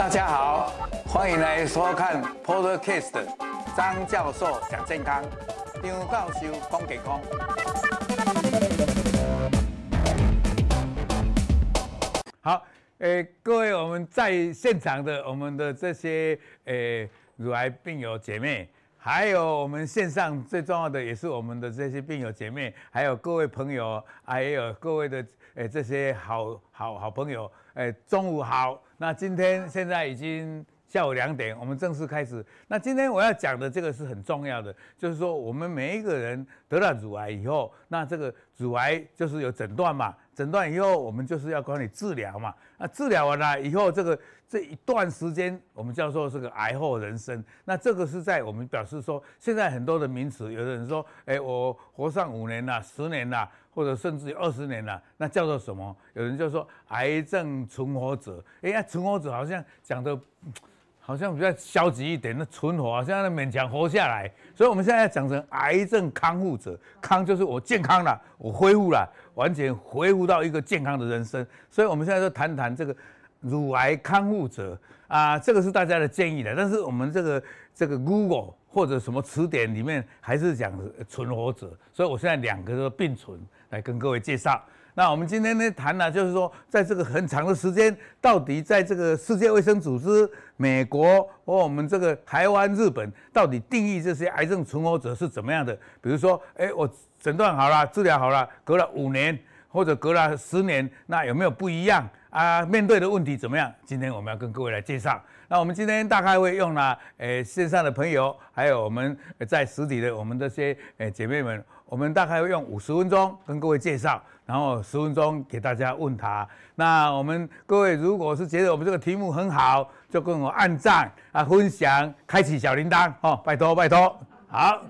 大家好，歡迎來收看 Podcast 張教授講健康，張教授講健康。好、欸，各位我們在現場的我們的這些、欸、乳癌病友姐妹，還有我們線上最重要的也是我們的這些病友姐妹，還有各位朋友，還、啊、有各位的、欸、這些好好好朋友、欸，中午好。那今天現在已經下午兩點，我們正式開始。那今天我要講的這個是很重要的，就是說我們每一個人得了乳癌以後，那這個乳癌就是有診斷嘛，診斷以後我們就是要管理治療嘛。那治療完了以後，這個這一段時間我們叫做這個癌後人生。那這個是在我們表示說，現在很多的名詞，有的人說，哎、欸，我活上五年吶，十年吶。或者甚至有二十年了，那叫做什麼？有人就說癌症存活者。哎呀，存活者好像講的，好像比較消極一點，那存活，好像在勉強活下來。所以，我們現在要講成癌症康復者，康就是我健康了，我恢復了，完全恢復到一個健康的人生。所以我們現在就談談這個乳癌康復者啊，這個是大家的建議的。但是我們這個這個 Google 或者什麼詞典裡面還是講存活者，所以我現在兩個都並存。來跟各位介紹。那我們今天呢談呢、啊，就是說，在這個很長的時間，到底在這個世界衛生組織、美國或我們這個台灣、日本，到底定義這些癌症存活者是怎麼樣的？比如說，哎，我診斷好了，治療好了，隔了五年或者隔了十年，那有沒有不一樣啊？面對的問題怎麼樣？今天我們要跟各位來介紹。那我們今天大概會用了、啊，哎、呃，線上的朋友，還有我們在實體的我們這些哎、呃、姐妹們。我們大概要用五十分鐘跟各位介紹，然後十分鐘給大家問他。那我們各位如果是覺得我們這個題目很好，就跟我按讚啊、分享、開啟小鈴鐺哦，拜託拜託。好，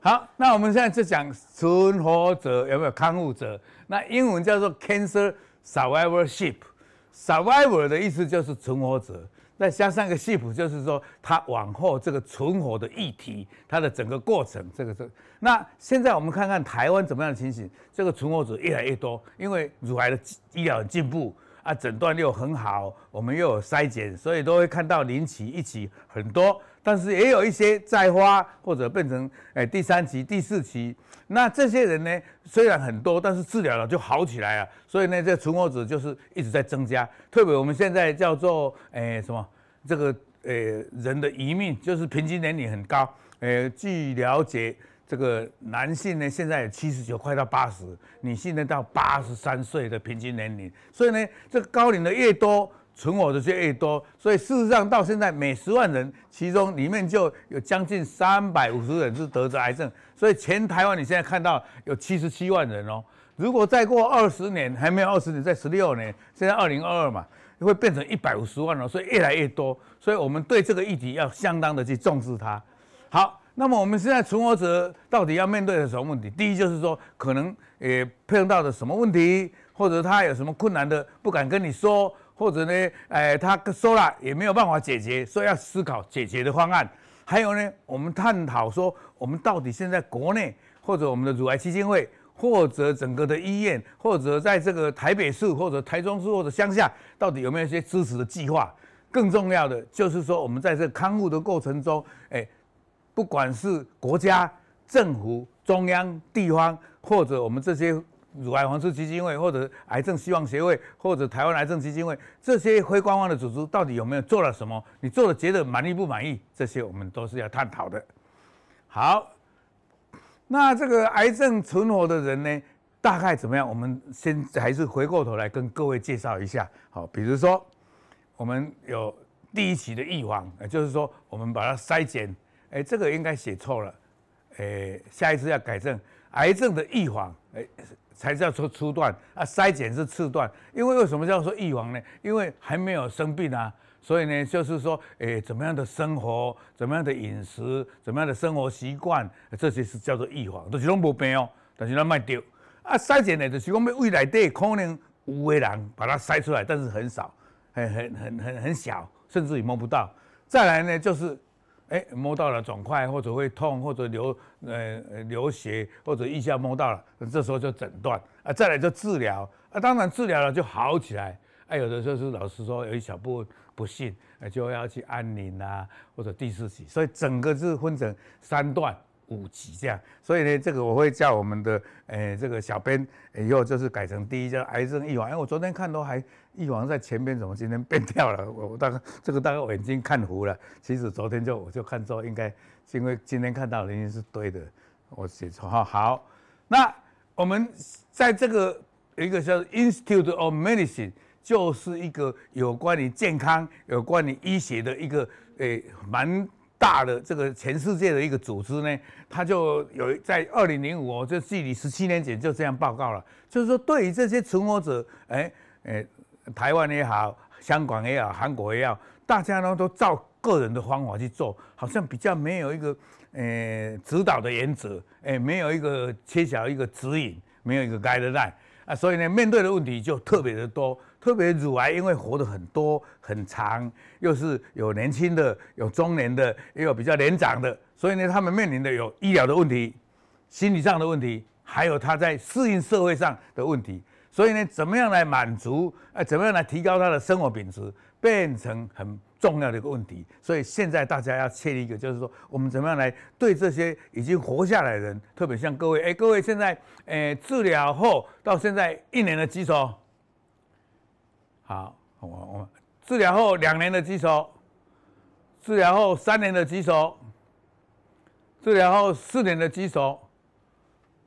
好，那我們現在就講存活者有沒有康復者？那英文叫做 cancer survivorship，survivor 的意思就是存活者。再加上一個系譜，就是說它往後這個存活的議題，它的整個過程，這個這那現在我們看看台灣怎麼樣的情形，這個存活者越來越多，因為乳癌的醫療進步啊，診斷又很好，我們又有篩檢，所以都會看到零期一期很多，但是也有一些再發或者變成哎第三期第四期，那這些人呢雖然很多，但是治療了就好起來了，所以呢這個存活者就是一直在增加，特別我們現在叫做哎、欸、什麼？這個誒、欸，人的餘命就是平均年齡很高。誒、欸，據了解，這個男性呢現在七十九，快到八十；女性呢到八十三歲的平均年齡。所以呢，這高齡的越多，存活的就越多。所以事實上，到現在每十萬人其中裡面就有將近三百五十人是得着癌症。所以全台灣你現在看到有七十七萬人哦。如果再過二十年，還沒有二十年，再十六年，現在二零二二嘛。會變成一百五十萬了，所以越來越多，所以我們對這個議題要相當的去重視它。好，那麼我們現在存活者到底要面對的什麼問題？第一就是說，可能也碰到的什麼問題，或者他有什麼困難的不敢跟你說，或者呢，哎，他說了也沒有辦法解決，所以要思考解決的方案。還有呢，我們探討說，我們到底現在國內或者我們的乳癌基金會。或者整個的醫院，或者在這個台北市，或者台中市，或者鄉下，到底有沒有一些支持的計劃？更重要的就是說，我們在這個康復的過程中，哎、欸，不管是國家、政府、中央、地方，或者我們這些乳癌防治基金會、或者癌症希望協會、或者台灣癌症基金會這些非官方的組織，到底有沒有做了什麼？你做的覺得滿意不滿意？這些我們都是要探討的。好。那這個癌症存活的人呢，大概怎麼樣？我們先還是回過頭來跟各位介紹一下。好，比如說我們有第一期的預防，也就是說我們把它篩檢，哎，這個應該寫錯了，哎、欸，下一次要改正。癌症的預防，哎、欸，才叫做初段啊，篩檢是次段。因為為什麼叫做預防呢？因為還沒有生病啊。所以呢，就是說，誒，怎麼樣的生活，怎麼樣的飲食，怎麼樣的生活習慣，這些是叫做預防，就是、都是攏無病哦，但是咱買對。啊，篩檢呢，就是講，未來底可能有的人把它篩出來，但是很少，很很很很很小，甚至於摸不到。再來呢，就是，誒，摸到了腫塊，或者會痛，或者流，呃，流血，或者一下摸到了，這時候就診斷，啊，再來就治療，啊，當然治療了就好起來。哎、有的時候是老師說有一小部分不信，就要去安寧啊，或者第四期，所以整個是分成三段五期這樣。所以呢，這個我會叫我們的哎、欸、這個小編以後就是改成第一叫癌症預防。哎、欸，我昨天看都還預防在前面，怎麼今天變掉了？我大概這個大概我眼睛看糊了。其實昨天就我就看說應該是因為今天看到的應該是對的，我寫錯，好好。那我們在這個一個叫 Institute of Medicine。就是一個有關於健康、有關於醫學的一個誒蠻、欸、大的這個全世界的一個組織呢，他就有在二零零五，就距離十七年前就這樣報告了。就是說，對於這些存活者，誒、欸、誒、欸、台灣也好，香港也好，韓國也好，大家呢都照個人的方法去做，好像比較沒有一個誒、欸、指導的原則，誒、欸，沒有一個缺少一個指引，沒有一個 guideline，啊，所以呢，面對的問題就特別的多。特別乳癌，因為活得很多很長，又是有年輕的，有中年的，也有比較年長的，所以呢，他們面臨的有醫療的問題，心理上的問題，還有他在適應社會上的問題。所以呢，怎麼樣來滿足？怎麼樣來提高他的生活品質，變成很重要的一個問題。所以現在大家要確立一個，就是說，我們怎麼樣來對這些已經活下來的人，特別像各位，哎、欸，各位現在，欸、治療後到現在一年的基數。好，我我治療後兩年的肌首，治療後三年的肌首，治療後四年的肌首，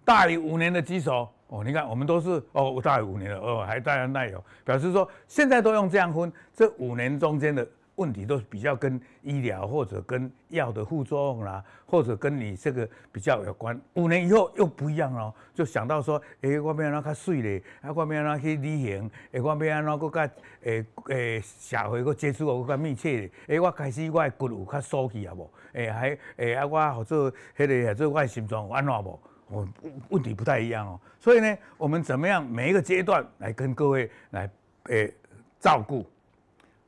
大於五年的肌首。哦，你看，我們都是哦，大於五年的，哦，還帶了耐藥，表示說現在都用這樣分，這五年中間的。問題都是比較跟醫療或者跟藥的副作用啦、啊，或者跟你這個比較有關。五年以後又不一樣了、哦，就想到說：誒、欸，我欲安怎卡水咧，啊，我欲安怎去旅行，誒，我欲安怎擱甲誒誒社會擱接觸的擱甲密切咧。誒、欸，我開始我的骨有卡疏去啊無？誒、欸，還誒、欸、啊我合作迄個做我的心臟有安怎無？哦、喔，問題不太一樣哦。所以呢，我們怎麼樣每一個階段來跟各位來誒、欸、照顧？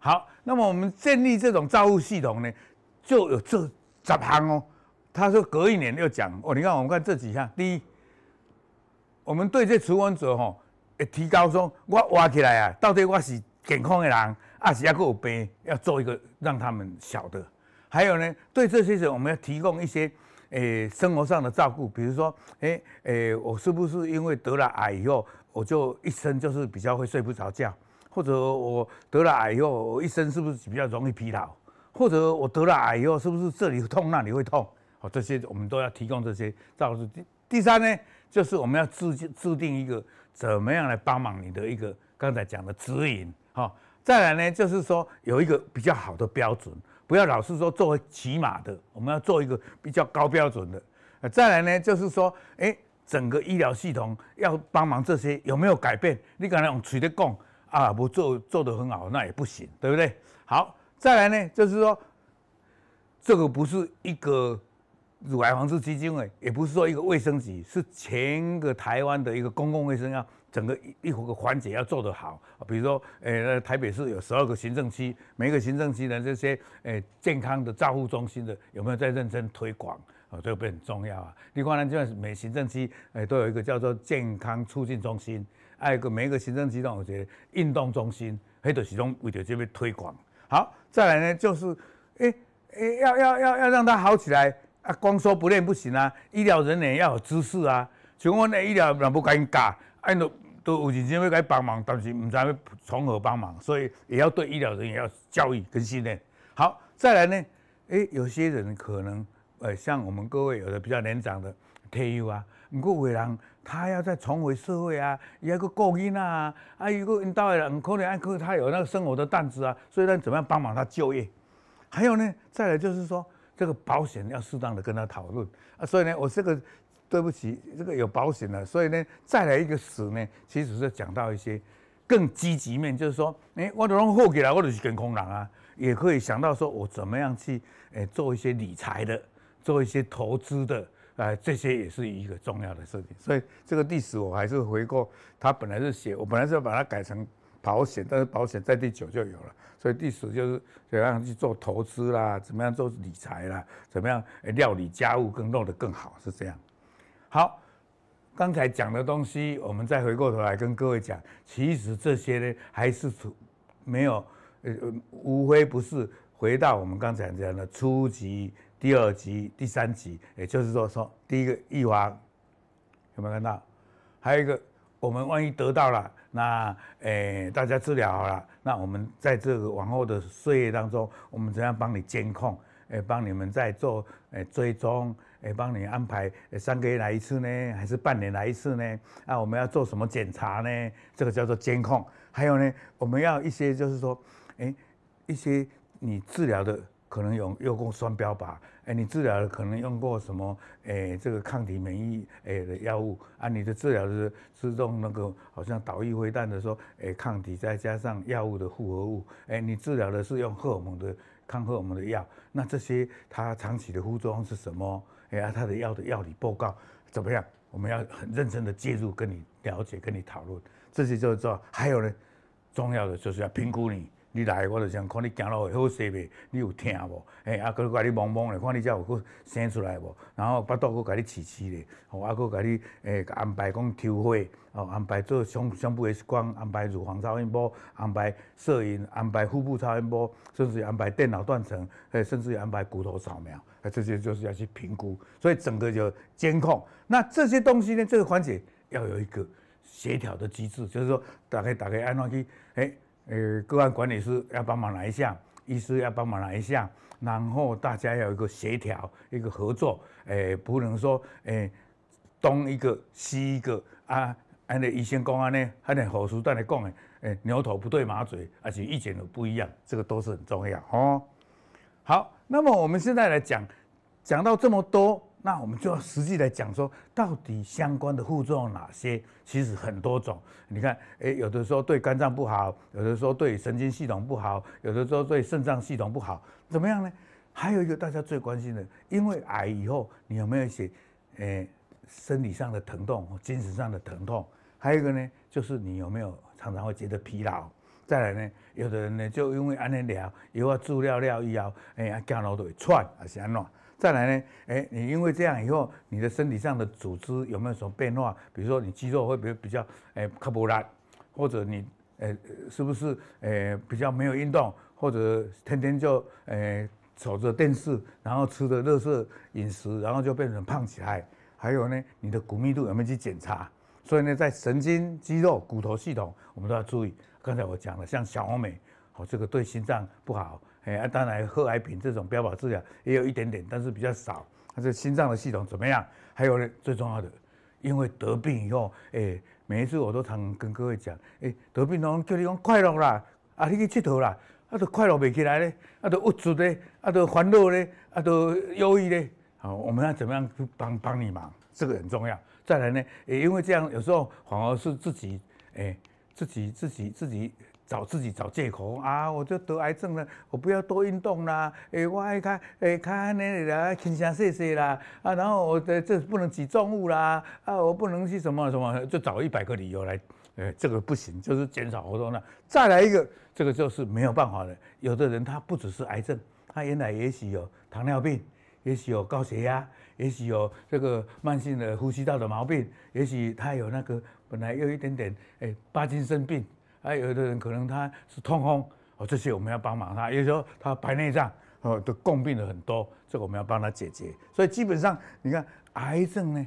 好，那麼我們建立這種照護系統呢，就有這十項哦。他說隔一年又講哦，你看我們看這幾項。第一，我們對這慈安者吼，提高說，我挖起來啊，到底我是健康的人，還是還佫有病？要做一個讓他們曉得。還有呢，對這些人，我們要提供一些、欸、生活上的照顧，比如說、欸欸，我是不是因為得了癌以後，我就一生就是比較會睡不着覺？或者我得了癌以後，我一生是不是比較容易疲勞？或者我得了癌以後，是不是這裡痛那裡會痛？哦，這些我們都要提供這些照顧。第第三呢，就是我們要制制定一個怎麼樣來幫忙你的一個剛才講的指引。哈、哦，再來呢，就是說有一個比較好的標準，不要老是說作為起碼的，我們要做一個比較高標準的。再來呢，就是說，誒整個醫療系統要幫忙這些有沒有改變？你敢來用錘子槓？啊，不做做得很好，那也不行，對不對？好，再來呢，就是說，這個不是一個乳癌防治基金會，也不是說一個衛生局，是全個台灣的一個公共衛生啊，整個一一,一個環節要做得好。比如說，呃，台北市有十二個行政區，每個行政區的這些呃健康的照護中心的有沒有在認真推廣啊？哦，這個不很重要啊。另外呢，就是每行政區誒、呃、都有一個叫做健康促進中心。哎，個每一個行政機構，我覺得運動中心，迄就是講為了這邊推廣。好，再來呢，就是，欸欸、要要要要讓他好起來啊，光說不練不行啊。醫療人員要有知識啊，像我呢，醫療人不教，哎、啊，都都有人想要該幫忙，但是不知道從何幫忙，所以也要對醫療人也要教育跟訓練。好，再來呢，欸、有些人可能，呃、欸，像我們各位有的比較年長的，退休啊。如果偉人，他要再重回社會啊，一個過因啊，啊有個到人可能啊他有那個生活的擔子啊，所以呢，怎麼樣幫忙他就業？還有呢，再來就是說，這個保險要適當的跟他討論啊。所以呢，我這個對不起，這個有保險了，所以呢，再來一個死呢，其實是講到一些更積極面，就是說，哎、欸，我都能活起來，我就去跟空人啊，也可以想到說我怎麼樣去誒、欸、做一些理財的，做一些投資的。哎，這些也是一個重要的事情，所以這個第十我還是回過，它本來是寫，我本來是要把它改成保險，但是保險在第九就有了，所以第十就是怎麼樣去做投資啦，怎麼樣做理財啦，怎麼樣料理家務更弄得更好，是這樣。好，剛才講的東西，我們再回過頭來跟各位講，其實這些呢還是沒有，呃呃，無非不是回到我們剛才講的初級。第二集、第三集，也就是說，說第一個預防有沒有看到？還有一個，我們萬一得到了，那誒、欸，大家治療好了，那我們在這個往後的歲月當中，我們怎樣幫你監控？誒、欸，幫你們在做誒、欸、追蹤？誒、欸，幫你安排三個月來一次呢，還是半年來一次呢？啊，我們要做什麼檢查呢？這個叫做監控。還有呢，我們要一些就是說，誒、欸，一些你治療的。可能用用過雙標靶，哎，你治療的可能用過什麼？哎，這個抗體免疫哎的藥物啊，你的治療是是用那個好像導引飛彈的說，哎，抗體再加上藥物的複合物，哎，你治療的是用荷爾蒙的抗荷爾蒙的藥，那這些它長期的副作用是什麼？哎，它的藥的藥理報告怎麼樣？我們要很認真的介入跟你了解，跟你討論，這些就是說，還有呢，重要的就是要評估你。你來，我就想看你走路好勢未？你有疼無？誒、欸，啊，佮你佮你摸摸嘞，看你遮有佮生出來無？然後腹肚佮你試試嘞，哦，啊，佮你誒、欸、安排講抽血，吼、哦，安排做胸胸部的光，安排乳房超音波，安排攝影，安排腹部超音波，甚至安排電腦斷層，哎、欸，甚至安排骨頭掃描，哎，這些就是要去評估，所以整個就監控。那這些東西呢，這個環節要有一個協調的機制，就是說大，大概大概按怎去，誒、欸。誒，個案管理師要幫忙來一下，醫師要幫忙來一下，然後大家要有一個協調，一個合作。誒、欸，不能說誒、欸、東一個西一個啊。按、啊、照、那個、醫生講安尼，安、啊、尼，護士帶來講誒，牛頭不對馬嘴，而且意見不一樣，這個都是很重要哦。好，那麼我們現在來講，講到這麼多。那我們就要實際來講，說到底相關的副作用哪些？其實很多種。你看，欸、有的時候對肝臟不好，有的時候對神經系統不好，有的時候對腎臟系統不好，怎麼樣呢？還有一個大家最關心的，因為癌以後你有沒有一些，哎、欸，生理上的疼痛，精神上的疼痛？還有一個呢，就是你有沒有常常會覺得疲勞？再來呢，有的人呢就因為安尼以有啊住了了以後，哎、欸，走路都會喘，還是安怎？再來呢，哎、欸，你因為這樣以後，你的身體上的組織有沒有什麼變化？比如說你肌肉會比較，欸、比較，哎，卡不拉，或者你，哎、欸，是不是，哎、欸，比較沒有運動，或者天天就，哎、欸，守着電視，然後吃的垃圾飲食，然後就變成胖起來。還有呢，你的骨密度有沒有去檢查？所以呢，在神經、肌肉、骨頭系統，我們都要注意。剛才我講了，像小紅莓，哦，這個對心臟不好。哎、欸啊，當然，賀癌平這種標靶治療也有一點點，但是比較少。但是心臟的系統怎麼樣？還有呢，最重要的，因為得病以後，誒、欸，每一次我都常跟各位講，誒、欸，得病儂叫你講快樂啦，啊，你去佚佗啦，啊，都快樂未起來咧，啊，都鬱卒咧，啊，都煩惱咧，啊，都憂鬱咧。好，我們要怎麼樣去幫幫你忙？這個很重要。再來呢，也、欸、因為這樣，有時候反而是自己，誒、欸，自己自己自己。自己找自己找借口啊！我就得癌症了，我不要多運動啦。誒，我愛看，誒，看那啦，輕聲細聲啦。啊，然後我這這不能舉重物啦。啊，我不能去什麼什麼，就找一百個理由來，誒，這個不行，就是減少活動了。再來一個，這個就是沒有辦法了。有的人他不只是癌症，他原來也許有糖尿病，也許有高血壓，也許有這個慢性的呼吸道的毛病，也許他有那個本來有一點點誒、欸，巴金森病。還有的人可能他是痛風哦，這些我們要幫忙他。有時候他白內障哦，都共病的很多，這個我們要幫他解決。所以基本上你看癌症呢，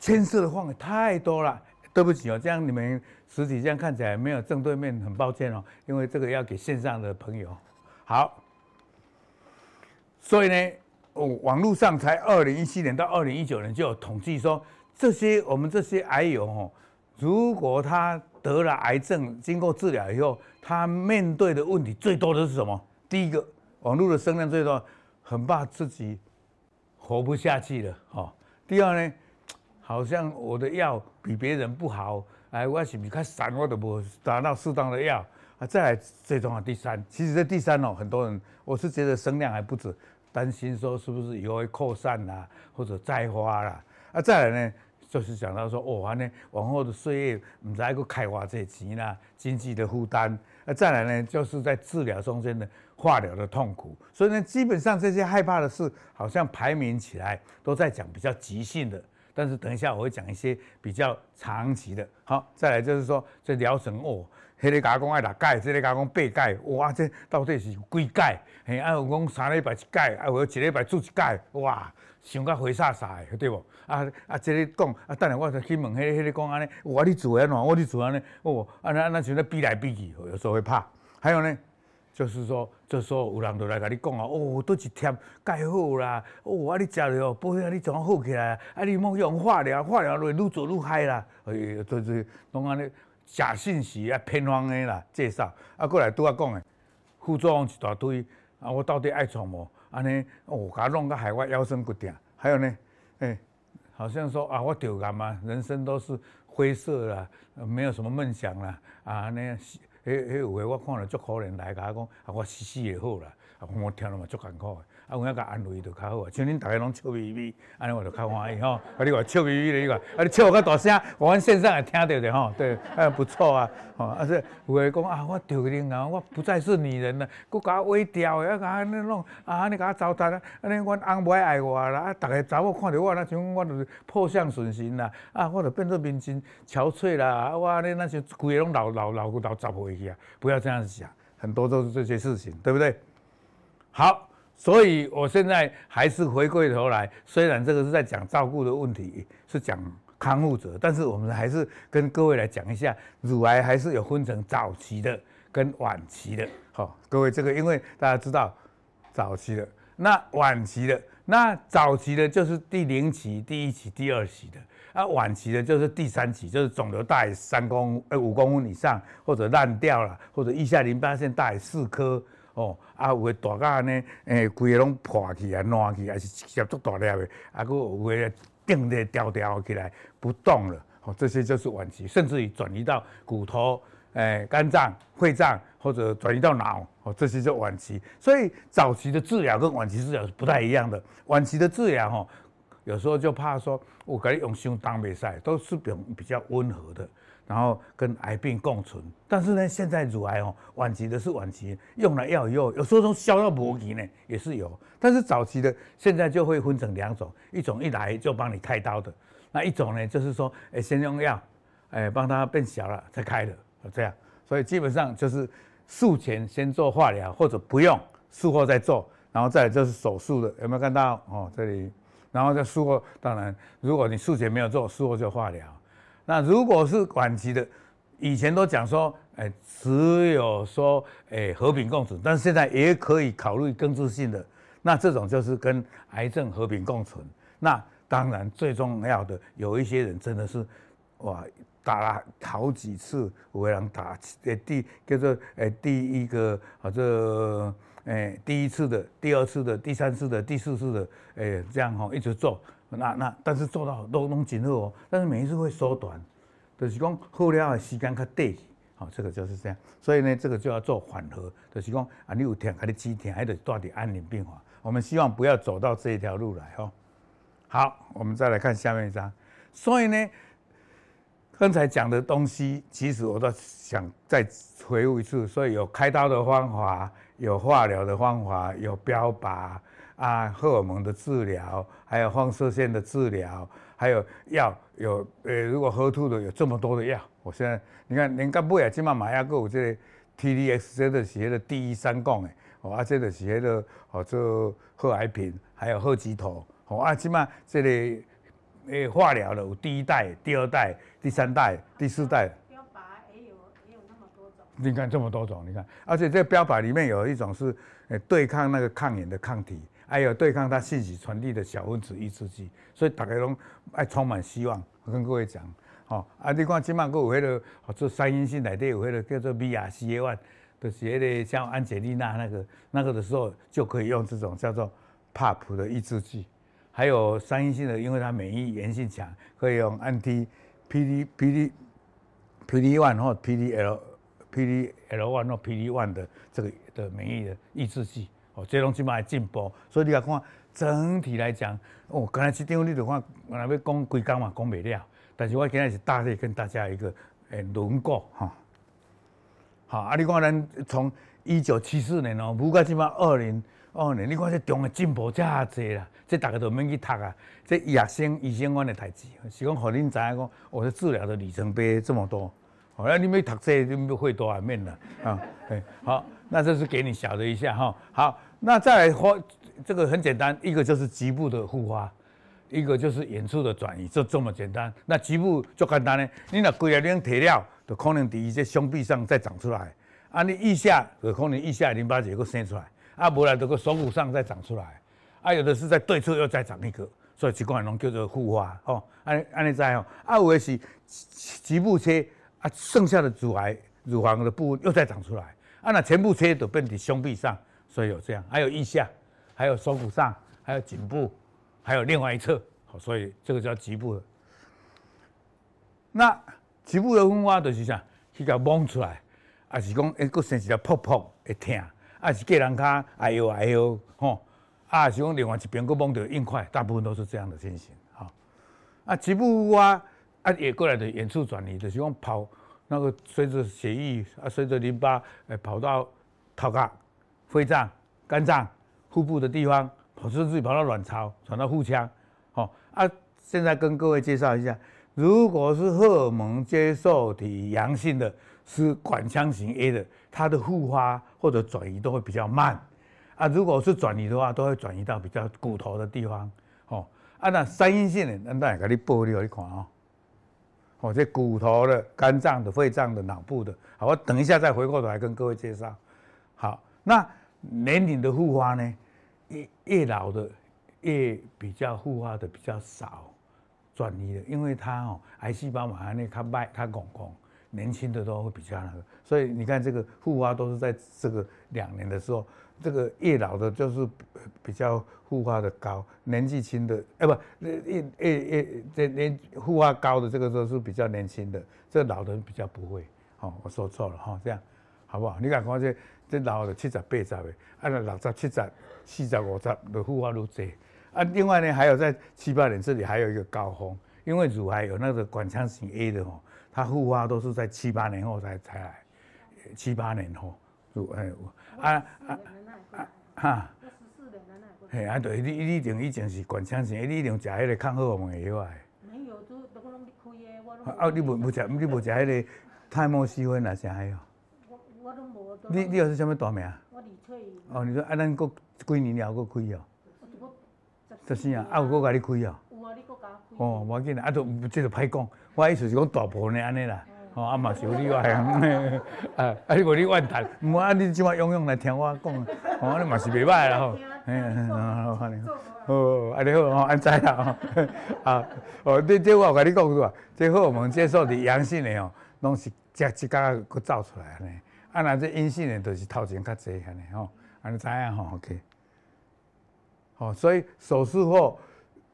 牽涉的範圍太多了。對不起哦，這樣你們實體這樣看起來沒有正對面，很抱歉哦，因為這個要給線上的朋友。好，所以呢，哦，網絡上才二零一七年到二零一九年就有統計說，這些我們這些癌友哦，如果他。得了癌症，經過治療以後，他面對的問題最多的是什麼？第一個，網絡的聲量最多，很怕自己活不下去了，哈、哦。第二呢，好像我的藥比別人不好，哎，我是比看散，我都不會達到適當的藥啊。再來最重要的第三，其實這第三、哦、很多人我是覺得聲量還不止，擔心說是不是以後會擴散啊，或者再發啦啊。再來呢？就是講到說，哇、哦，呢，往後的歲月知還、啊，唔再個開花這錢呢，經濟的負擔，那、啊、再來呢，就是在治療中間的化療的痛苦，所以呢，基本上這些害怕的事，好像排名起來都在講比較急性的，但是等一下我會講一些比較長期的，好，再來就是說這療程，哦，這裡跟他講要六次，這裡跟他講要八次，哇，這到底是幾次？很愛我講三禮拜一次，愛、啊、我一禮拜做一次，哇。想甲花灑灑的，對不？啊啊，這裡講，啊，等下我再去問，迄個迄個講安尼，有我你做安怎？我你做安尼？哦，安尼安尼像咧比來比去，有時候會怕。還有呢，就是說，就是說有人就來甲你講啊，哦，倒一貼，介好啦，哦，啊你食了，保險你怎好起來？啊，你毋要用化療，化療就會愈做愈嗨啦。哎，就是攏安尼，假信息啊，偏方誒啦，介紹。啊，過來拄仔講誒，副作用一大堆，啊，我到底愛創無。安尼，我、哦、甲弄個海外腰酸骨痛，還有呢，誒、欸，好像說啊，我着幹嘛？人生都是灰色啦，沒有什麼夢想啦。啊，安尼，迄迄有誒，我看了足可憐，來甲我講啊，我死死也好啦，啊，我聽了嘛足艱苦。啊，跟跟 objetivo Omega anyway 對對 bueno, so、有影甲安慰伊，著較好啊。像恁逐個攏笑眯眯安尼我著較歡喜吼。啊，你話笑眯眯咧，你話啊，你笑個大聲，我阮先生也聽到的吼，對，還不錯啊。吼，啊，這有誒講啊，我掉齡啊，我不再是女人了，擱加微調，啊，你弄啊，甲擱糟蹋啦，安尼阮翁無愛我啦，啊，逐個查某看到我，咱像我就是破相損形啦，啊，我就變做面筋憔悴啦，啊，我安尼咱像規個攏老老老老糟蹋去啊 SL2。不要這樣子想，很 Ultushuh 多都是這些事情，對不對？好。所以我現在還是回過頭來，雖然這個是在講照顧的問題，是講康復者，但是我們還是跟各位來講一下，乳癌還是有分成早期的跟晚期的。好、哦，各位這個因為大家知道，早期的，那晚期的，那早期的就是第零期、第一期、第二期的，啊，晚期的就是第三期，就是腫瘤大於三公呃五公分以上，或者爛掉了，或者腋下淋巴腺大於四顆。哦，啊，有、欸、誒，大家安尼，誒，規個攏破起來，爛起來，啊是接觸大粒誒，啊，佮有誒釘着調調起來不動了，哦，這些就是晚期，甚至於轉移到骨頭、誒、欸、肝臟、肺臟或者轉移到腦，哦，這些就晚期。所以早期的治療跟晚期治療是不太一樣的。晚期的治療，吼、哦，有時候就怕說，我共你用傷重袂使，都是比比較溫和的。然後跟癌病共存，但是呢，現在乳癌哦，晚期的是晚期，用了藥以後，有時候從消到晚期呢也是有，但是早期的現在就會分成兩種，一種一來就幫你開刀的，那一種呢就是說，哎，先用藥，哎，幫它變小了再開的，這樣，所以基本上就是術前先做化療或者不用，術後再做，然後再來就是手術的，有沒有看到哦這裡？然後再術後，當然，如果你術前沒有做，術後就化療。那如果是晚期的，以前都講說，哎、欸，只有說，哎、欸，和平共存，但是現在也可以考慮更自信的，那這種就是跟癌症和平共存。那當然最重要的，有一些人真的是，哇，打了好幾次，有人打，欸、第叫做哎、欸，第一個或者哎，第一次的，第二次的，第三次的，第四次的，哎、欸，這樣哈，一直做。那那，但是做到都弄進步哦，但是每一次會縮短，就是講化療的時間較短，好，這個就是這樣，所以呢，這個就要做緩和，就是講啊你有天還是幾天，還得到底安寧病房。我們希望不要走到這條路來哈、哦。好，我們再來看下面一張。所以呢，剛才講的東西，其實我倒想再回顧一次，所以有開刀的方法，有化療的方法，有標靶。啊，荷爾蒙的治療，還有放射線的治療，還有藥有呃、欸，如果喝吐的有這麼多的藥，我現在你看，連剛買也起碼買一個有這 T D X，這個是迄個第一三共誒哦，啊，真、這、的、個、是迄、那個哦做、喔這個、賀癌平，還有賀疾妥，哦，啊，起碼這裡誒化療的有第一代、第二代、第三代、第四代。那個、標靶也有也有那麼多種。你看這麼多種，你看、啊，而且這個標靶裡面有一種是誒、欸、對抗那個抗炎的抗體。還有對抗它信息傳遞的小分子抑制劑，所以大家都愛充滿希望。我跟各位講，哦，啊，你看今麥古有迄、那個做三陰性癌都有，叫做 BRCA1，就是迄個像安傑麗娜那個那個的時候，就可以用這種叫做帕普的抑制劑。還有三陰性的，因為它免疫原性強，可以用 anti-PD-PD-PD1 或 PDL-PDL1 或 PD1 的這個的免疫的抑制劑。哦，這攏起碼進步，所以你若看整體來講，哦，剛才這點你着看，原來要講規工嘛，講未了。但是我今日是大致跟大家一個誒輪廓哈。好啊，你看咱從一九七四年哦，唔過起碼二零二二年，你看這重的進步這麼多啦，這大家都免去讀啊，這醫生醫生阮的代志，是講互恁知影，哦，這治療的里程碑這麼多。我你沒讀這個、你沒不會多少面了啊！對， 好，那這是給你曉得一下哈。好，那再來，這個很簡單，一個就是局部的復發，一個就是遠處的轉移，就這，這麼簡單。那局部就簡單了。你若規日用鐵料，就可能第一只胸壁上再長出來，啊，你腋下有可能腋下淋巴結又生出來，啊，不然這個鎖骨上再長出來，啊，有的是在對側又再長一個，所以一個人叫做復發哦。按按你知哦，啊，有的是局部切啊，剩下的乳癌、乳房的部分又再長出來，啊，那全部切都變成胸壁上，所以有這樣，還有腋下，還有鎖骨上，還有頸部，還有另外一側，好，所以這個叫局部的。那局部的復發都是像，去甲摸出來，啊是講，哎呦，擱甚至要撲撲會疼，啊是叫人家哎呦哎呦吼，啊是講另外一邊擱蒙着硬塊，大部分都是這樣的情形，好、哦，那啊，局部復發。啊，也過來的，遠處轉移的，希望跑那個隨着血液啊，隨着淋巴，跑到頭殼、肺臟、肝臟、腹部的地方跑，甚至跑到卵巢、轉到腹腔，哦啊。現在跟各位介紹一下，如果是荷爾蒙接受體陽性的，是管腔型 A 的，它的復發或者轉移都會比較慢啊。如果是轉移的話，都會轉移到比較骨頭的地方，哦那、啊、三陰性的，那我來給你報了，你看哦。哦，這骨頭的、肝臟的、肺臟的、腦部的，好，我等一下再回過頭來跟各位介紹。好，那年齡的復發呢？越越老的越比較復發的比較少，轉移的，因為它哦，癌細胞還內看邁看拱拱，年輕的都會比較那個，所以你看這個復發都是在這個兩年的時候。這個越老的，就是比較復發的高，年紀輕的，哎不，越越這年復發高的這個時候是比較年輕的，這老人比較不會，哦，我說錯了哈，這樣，好不好？你敢看這這老的七十、八十的，按六十、七十、四十五十的復發都這，啊，另外呢，還有在七八年這裡還有一個高峰，因為乳癌有那個管腔型 A 的哦，它復發都是在七八年後才才來，七八年後、嗯，癌、嗯、啊啊。啊哈，嚇、啊，啊，着你你定以前是管腔型一定一定食迄個抗荷爾蒙個藥啊，你無無食，你無食迄個泰莫西芬也是安尼哦？我我攏無。你你又說啥物大名？哦，你說啊，咱過幾年了，閣開哦？十四啊，啊，有閣甲你開哦？有啊，你閣加開哦，無要緊啊，啊，着毋即着歹講，我意思是講大部分呢安尼啦。哦，啊，嘛是有例外啊，你有你啊，你、like、lie, 啊，啊！阿你無你妄談，毋、喔 hey. 好阿你怎啊樣樣來聽我講，吼。你嘛是袂歹啦吼，嗯嗯嗯，好，安尼好哦，安在啦，啊，哦，這這我有甲你講過，啊，這好我們介紹的陽性的哦，攏是一即角個佫造出來安尼。啊，若這陰性的都是頭前較濟安尼吼，安尼知影吼，OK，好，所以手術後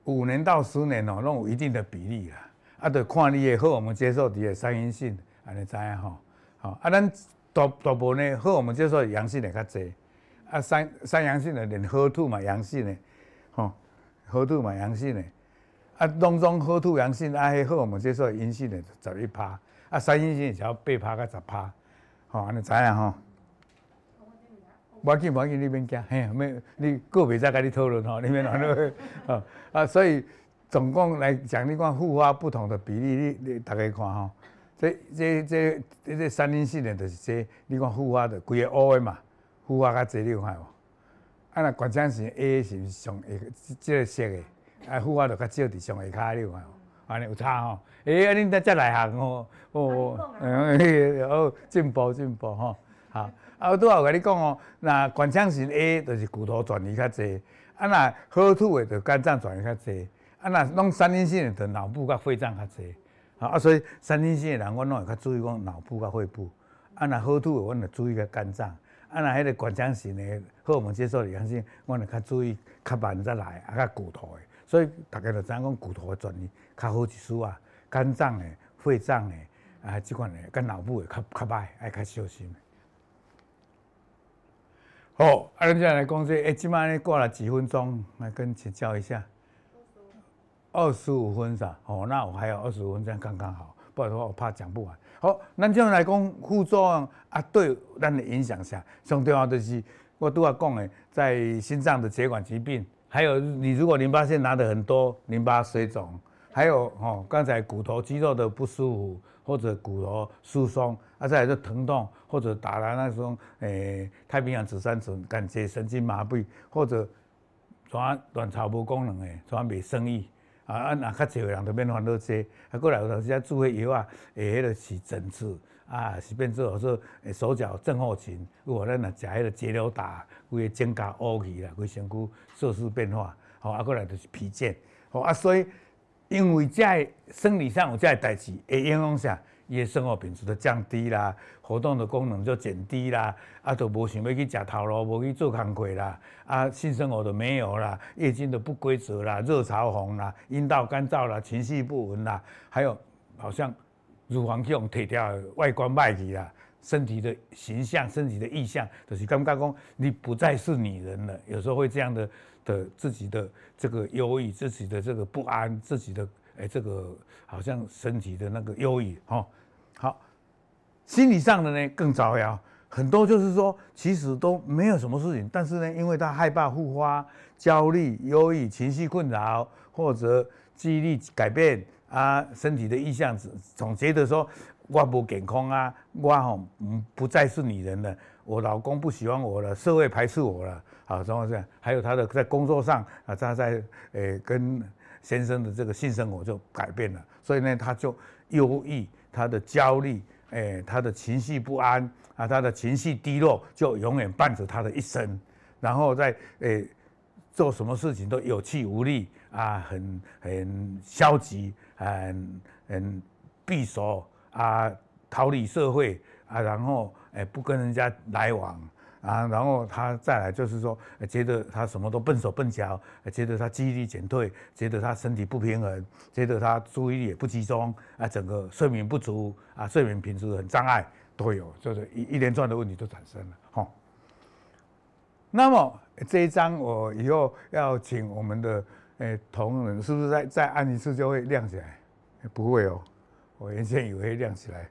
五年到十年哦，攏有一定的比例啦。啊，著看你的好，我們接受的是三陰性，安尼知影吼。好，啊，咱大大部分呢，好，我們接受陽性嘞較濟。啊，三三陽性嘞，連嘔吐嘛，陽性嘞，吼，嘔吐嘛，陽性嘞。啊，當中嘔吐陽性，啊，迄好我們接受陰性嘞，十一趴。啊，三陰性就八趴到十趴，吼，安尼知影吼。無要緊，無要緊，你免驚，嘿，咩？你個別再跟你討論吼， 你免煩惱。啊，所以。總共來講，你看富花不同的比例，你你大家看吼，所以，這這這這三年四年呢，就是這你看富花的，規個烏個嘛，富花較濟，你有看無？啊，若管腔型 A 是上下，即、這個色個，啊富花就較少佇上下骹，你有看無？安尼有差哦。哎，啊恁今遮來行哦、喔，哦、喔，哎， 喔 啊、你哦進步進步吼，哈，啊我拄有甲你講哦，若管腔型 A，就是骨頭轉移較濟，啊若 HER2 個就肝臟轉移較濟。啊，若攏三陰性著腦部甲肺臟較儕，啊，所以三陰性誒人，阮攏會較注意講腦部甲肺部。啊，若好拄誒，阮著注意甲肝臟。啊，若迄個管腔型誒，和我們接受的陽性，阮著較注意較慢則來，啊，較骨頭誒。所以大家著知影講骨頭誒轉移較好一絲仔肝臟呢，肺臟呢，啊，即款呢，甲腦部會較較歹，愛較小心。好，安尼再來講說，這個誒即滿，呢過了幾分鐘，來跟請教一下。二十五分噻，哦，那我還有二十五分，這樣剛剛好。不然的話，我怕講不完。好，那這樣來講副作用啊，對咱的影響下，像對話就是我都要講的，在心臟的血管疾病，還有你如果淋巴腺拿的很多，淋巴水腫，還有哦，剛才骨頭肌肉的不舒服，或者骨頭疏鬆，啊，再來就疼痛，或者打了那種誒、欸、太平洋紫杉醇，感覺神經麻痹，或者轉卵巢無功能的，轉沒生意。啊啊！若較濟人，着免煩惱些。啊，過、啊、來有當時仔煮迄藥啊，會迄落是整治啊，是變做作說誒，手腳震後症。如果咱若食迄個節療打規個增加烏去啦，規身軀色素變化。吼，啊，過來着是疲倦。吼，啊，所以因為遮生理上有遮代志，會影響啥。伊的生活品質就降低啦，活動的功能就減低啦，啊，都無想要去食頭路，無去做工課啦，啊，性生活都沒有啦，月經的不規則啦，熱潮紅啦，陰道乾燥啦，情緒不穩啦，還有好像乳房腫、腿掉、外觀敗離啦，身體的形象、身體的意象，就是剛剛講，你不再是女人了，有時候會這樣的的自己的這個憂鬱、自己的這個不安、自己的。哎、欸，這個好像身體的那個憂鬱哦，好，心理上的呢更糟糕，很多就是說，其實都沒有什麼事情，但是呢，因為他害怕復發，焦慮、憂鬱、情緒困擾，或者記憶力改變啊，身體的意象，總覺得說我不健康啊，我哦，不再是女人了，我老公不喜歡我了，社會排斥我了，啊，然後這樣，還有他的在工作上啊，他在誒、欸、跟。先生的這個性生活就改變了，所以呢，他就憂鬱，他的焦慮，哎，他的情緒不安啊，他的情緒低落就永遠伴着他的一生，然後在哎做什麼事情都有氣無力啊，很很消極，很很閉鎖啊，逃離社會啊，然後哎不跟人家來往。啊，然後他再來就是說，覺得他什麼都笨手笨腳，覺得他記憶力減退，覺得他身體不平衡，覺得他注意力也不集中，啊，整個睡眠不足，啊，睡眠品質很障礙都有，就是一連串的問題都產生了哈。那麼這一張我以後要請我們的呃同仁，是不是再再按一次就會亮起來？不會哦，我原先以為會亮起來，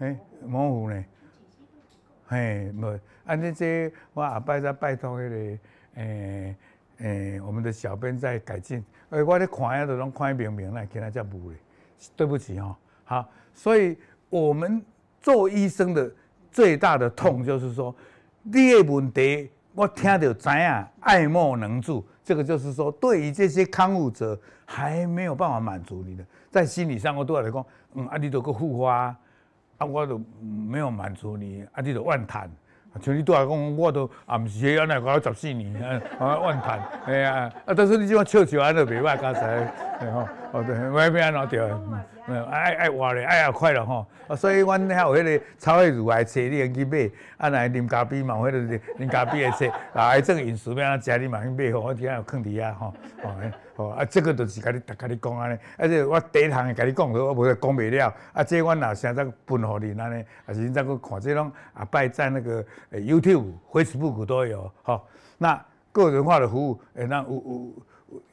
哎，模糊呢？嘿，無，安尼，這，這我下擺再拜託迄、那個，誒、欸、誒、欸，我們的小編再改進。誒，我咧看下都攏看一明遍，來，今仔再補咧。對不起哦，好。所以我們做醫生的最大的痛就是說，你的問題我聽到知影，愛莫能助。這個就是說，對於這些康復者還沒有辦法滿足你的，在心理上我都要來講，嗯，阿、啊、你做個復發。啊，我都沒有滿足你，啊，你都怨嘆，像你拄來講，我都也、啊、不是個，安內講了十四年，啊，怨、啊、嘆，嘿啊，啊，但是你即款笑笑安都袂歹。剛才，哦對，買咩安尼對，嗯，愛愛活咧，愛啊快樂吼！啊，所以阮遐有迄個草愛如來冊，你會去買啊，來啉咖啡嘛，迄個啉咖啡誒冊，車，啊，這種飲食要安尼，食你嘛用買好，我只有藏地下吼，哦，哦，啊，即個著是甲你、甲你講安尼，即個我第一項會甲你講，啊、我無講不了，啊，這阮若現在分互恁安尼，啊，是你在看這攏啊，拜在那個 YouTube、Facebook 都有吼、喔。那個人化的服務會讓有有，有。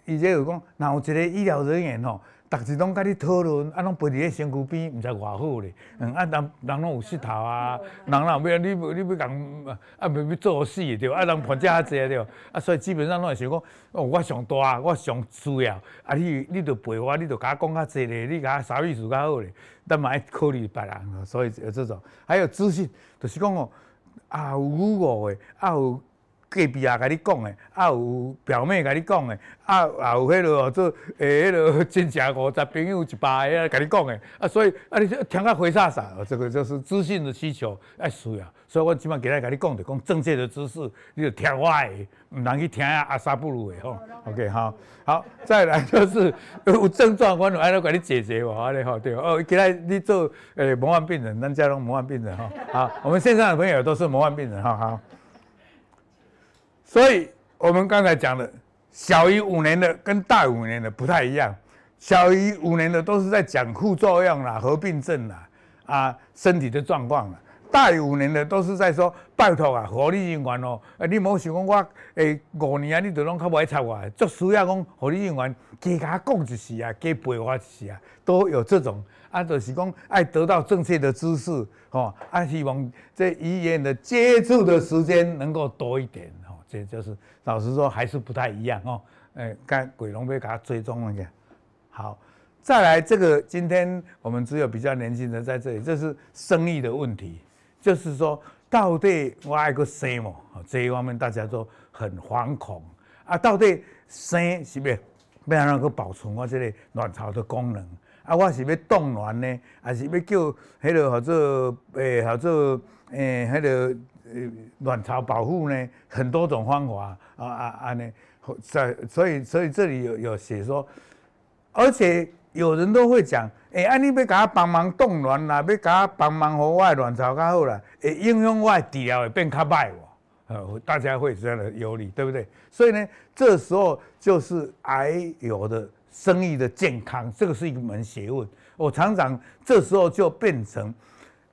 伊即個講，若有一個醫療人員吼，逐日攏甲你討論，啊，攏陪佇咧身軀邊，毋知偌好咧。嗯，啊，人人攏有舌頭啊，嗯、人啦，要你你要講，啊，要要做事對、嗯，啊，人盤只較濟對，啊，所以基本上攏會想講，哦，我上大，我上需要，啊，你你著陪我，你著甲我講較濟咧，你甲我啥物事較好咧，咱嘛愛考慮別人，所以有這種，還有自信，就是講哦，也、啊、有驕傲的，也、啊、有。隔壁也甲你講的，啊，有表妹甲你講的，啊，也有迄落做誒，迄落、欸那個、親情五十朋友一百個甲你講的，啊，所以啊，你就聽甲霧煞煞哦，這個就是資訊的需求愛需要，所以我起碼今日甲你講着，講正確的知識，你就聽我的，毋通去聽啊，阿沙不魯的吼。OK 好、哦、好， 再來就是有症狀，我來都跟你解決哦，啊咧吼，對，哦，今日你做誒、欸、模範病人，咱遮攏模範病人哈、哦，好，我們線上的朋友都是模範病人，好、哦、好。所以，我們剛才講的，小於五年的跟大五年的不太一樣。小於五年的都是在講副作用啦、合併症啦，啊，身體的狀況啦。大於五年的都是在說，拜托啊，護理人員哦，你莫想講我，誒，五年啊，你都攏較不愛睬我一下，就需要講護理人員給加講一時啊，加陪我一時啊，都有這種。啊，就是講愛得到正確的知識，吼，愛希望這醫院的接觸的時間能夠多一點。對，就是老實說，還是不太一樣哦。哎，看鬼龍被給他追蹤那樣。好，再來這個，今天我們只有比較年輕人在這裡。這、就是生育的問題，就是說到底我愛個生哦，這一方面大家都很惶恐啊。到底生是要安怎保存我這個卵巢的功能？啊，我是要凍卵呢，還是要叫迄個合作？誒，合作誒，迄個。呃，卵巢保護呢，很多種方法啊啊啊呢，在所以所以這裡有有寫說，而且有人都會講，哎、欸，啊你要給我幫忙凍卵啦、啊，要給我幫忙和我的卵巢較好啦，誒，影響我的治療會變較歹呃，大家會這樣的憂慮，對不對？所以呢，這時候就是癌友的生理的健康，這個是一門學問。我常常這時候就變成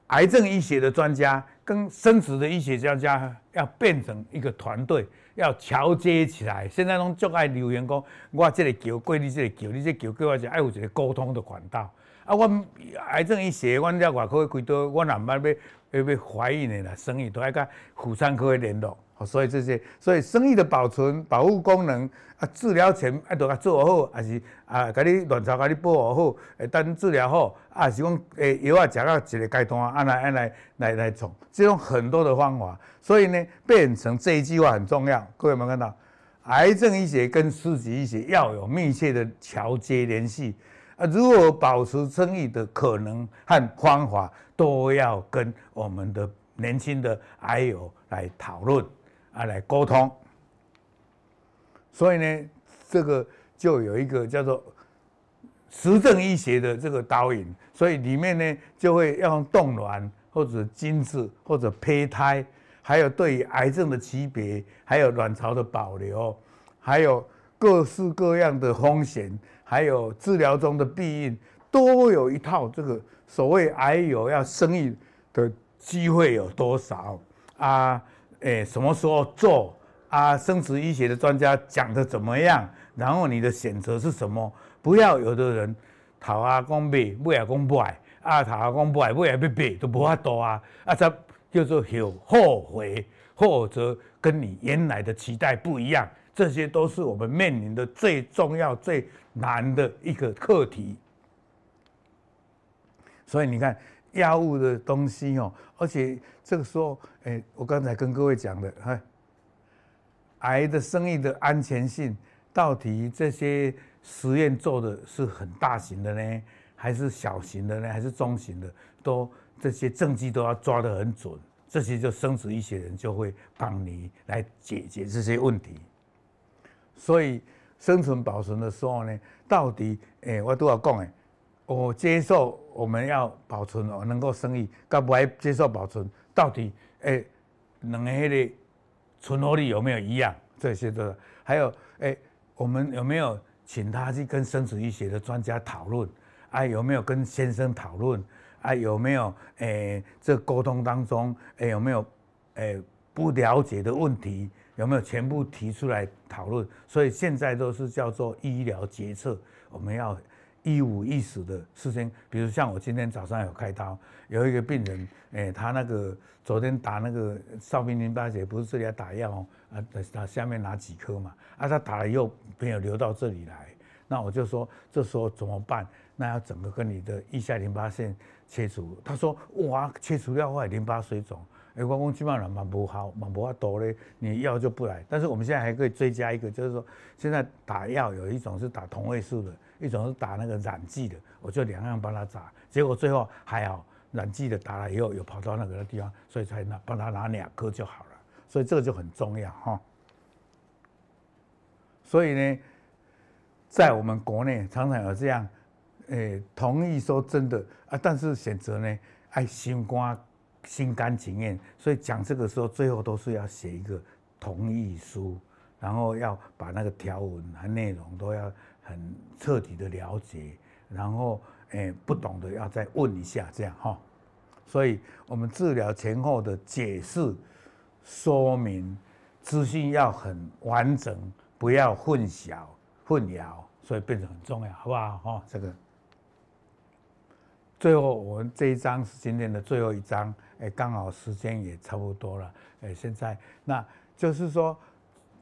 癌症醫學的專家。生生殖的醫學專家，家要變成一個團隊，要橋接起來。現在攏就愛留言講：我這個球過，貴你這個球，你這個球過，給我就、這、愛、個、有一個溝通的管道。啊，我癌症醫學，我這外科開刀，我也不要要要懷孕的啦，生意都愛跟婦產科聯絡。所以這些，所以生育的保存、保護功能啊，治療前要都甲做好，還是啊，甲你卵巢甲你保護好，等治療好，也是用誒，藥啊，食到一個階段，按來按來來來從，這種很多的方法。所以呢，變成這一句話很重要。各位有沒有看到，癌症醫學跟生殖醫學要有密切的橋接聯繫啊，如何保持生育的可能和方法，都要跟我們的年輕的癌友來討論。啊，來溝通，所以呢，這個就有一個叫做實證醫學的這個導引，所以裡面呢，就會用凍卵或者精子或者胚胎，還有對於癌症的區別，還有卵巢的保留，還有各式各樣的風險，還有治療中的避孕，都會有一套這個所謂癌友要生育的機會有多少啊？哎，什麼時候做啊？生殖醫學的專家講的怎麼樣？然後你的選擇是什麼？不要有的人，頭啊講買，尾啊講不買，啊頭啊講不買，尾啊要買，都無法度啊，啊才叫做後悔後悔，或者跟你原來的期待不一樣，這些都是我們面臨的最重要、最難的一個課題。所以你看。藥物的東西哦，而且這個時候，哎、欸，我剛才跟各位講的，哎，癌的生意的安全性到底這些實驗做的是很大型的呢，還是小型的呢，還是中型的？都這些證據都要抓得很準，這些就生殖一些人就會幫你來解決這些問題。所以生存保存的時候呢，到底哎、欸，我都要講哎。我接受，我們要保存，我能夠生育，該不該接受保存，到底，誒、欸，兩個那個存活率有沒有一樣？這些的，還有，誒、欸，我們有沒有請他去跟生殖醫學的專家討論？啊，有沒有跟先生討論？啊，有沒有，誒、欸，這溝通當中，誒、欸，有沒有，誒、欸，不了解的問題，有沒有全部提出來討論？所以現在都是叫做醫療決策，我們要。一五一十的事情，比如像我今天早上有開刀，有一個病人，哎，他那個昨天打那個哨兵淋巴結，不是這裡要打藥哦，啊，他他下面拿幾顆嘛，啊，他打了又沒有流到這裡來，那我就說這時候怎麼辦？那要怎麼跟你的腋下淋巴腺切除？他說哇，切除要壞淋巴水腫，哎，我講基本上蠻不好，蠻不好多嘞，你藥就不來。但是我們現在還可以追加一個，就是說現在打藥有一種是打同位素的。一種是打那個染劑的，我就兩樣幫他打。結果最後還好，染劑的打了以後又跑到那個，那個地方，所以才拿幫他拿兩顆就好了。所以這個就很重要哈。所以呢，在我們國內常常有這樣，誒，同意說真的啊，但是選擇呢，哎，心肝，心甘情願，所以講這個時候最後都是要寫一個同意書，然後要把那個條文和內容都要很徹底的了解，然後誒，不懂的要再問一下，這樣哈。所以，我們治療前後的解釋說明，資訊要很完整，不要混淆混淆，所以變成很重要，好不好？哈，這個。最後，我們這一章是今天的最後一章，誒，剛好時間也差不多了，誒，現在，那就是說，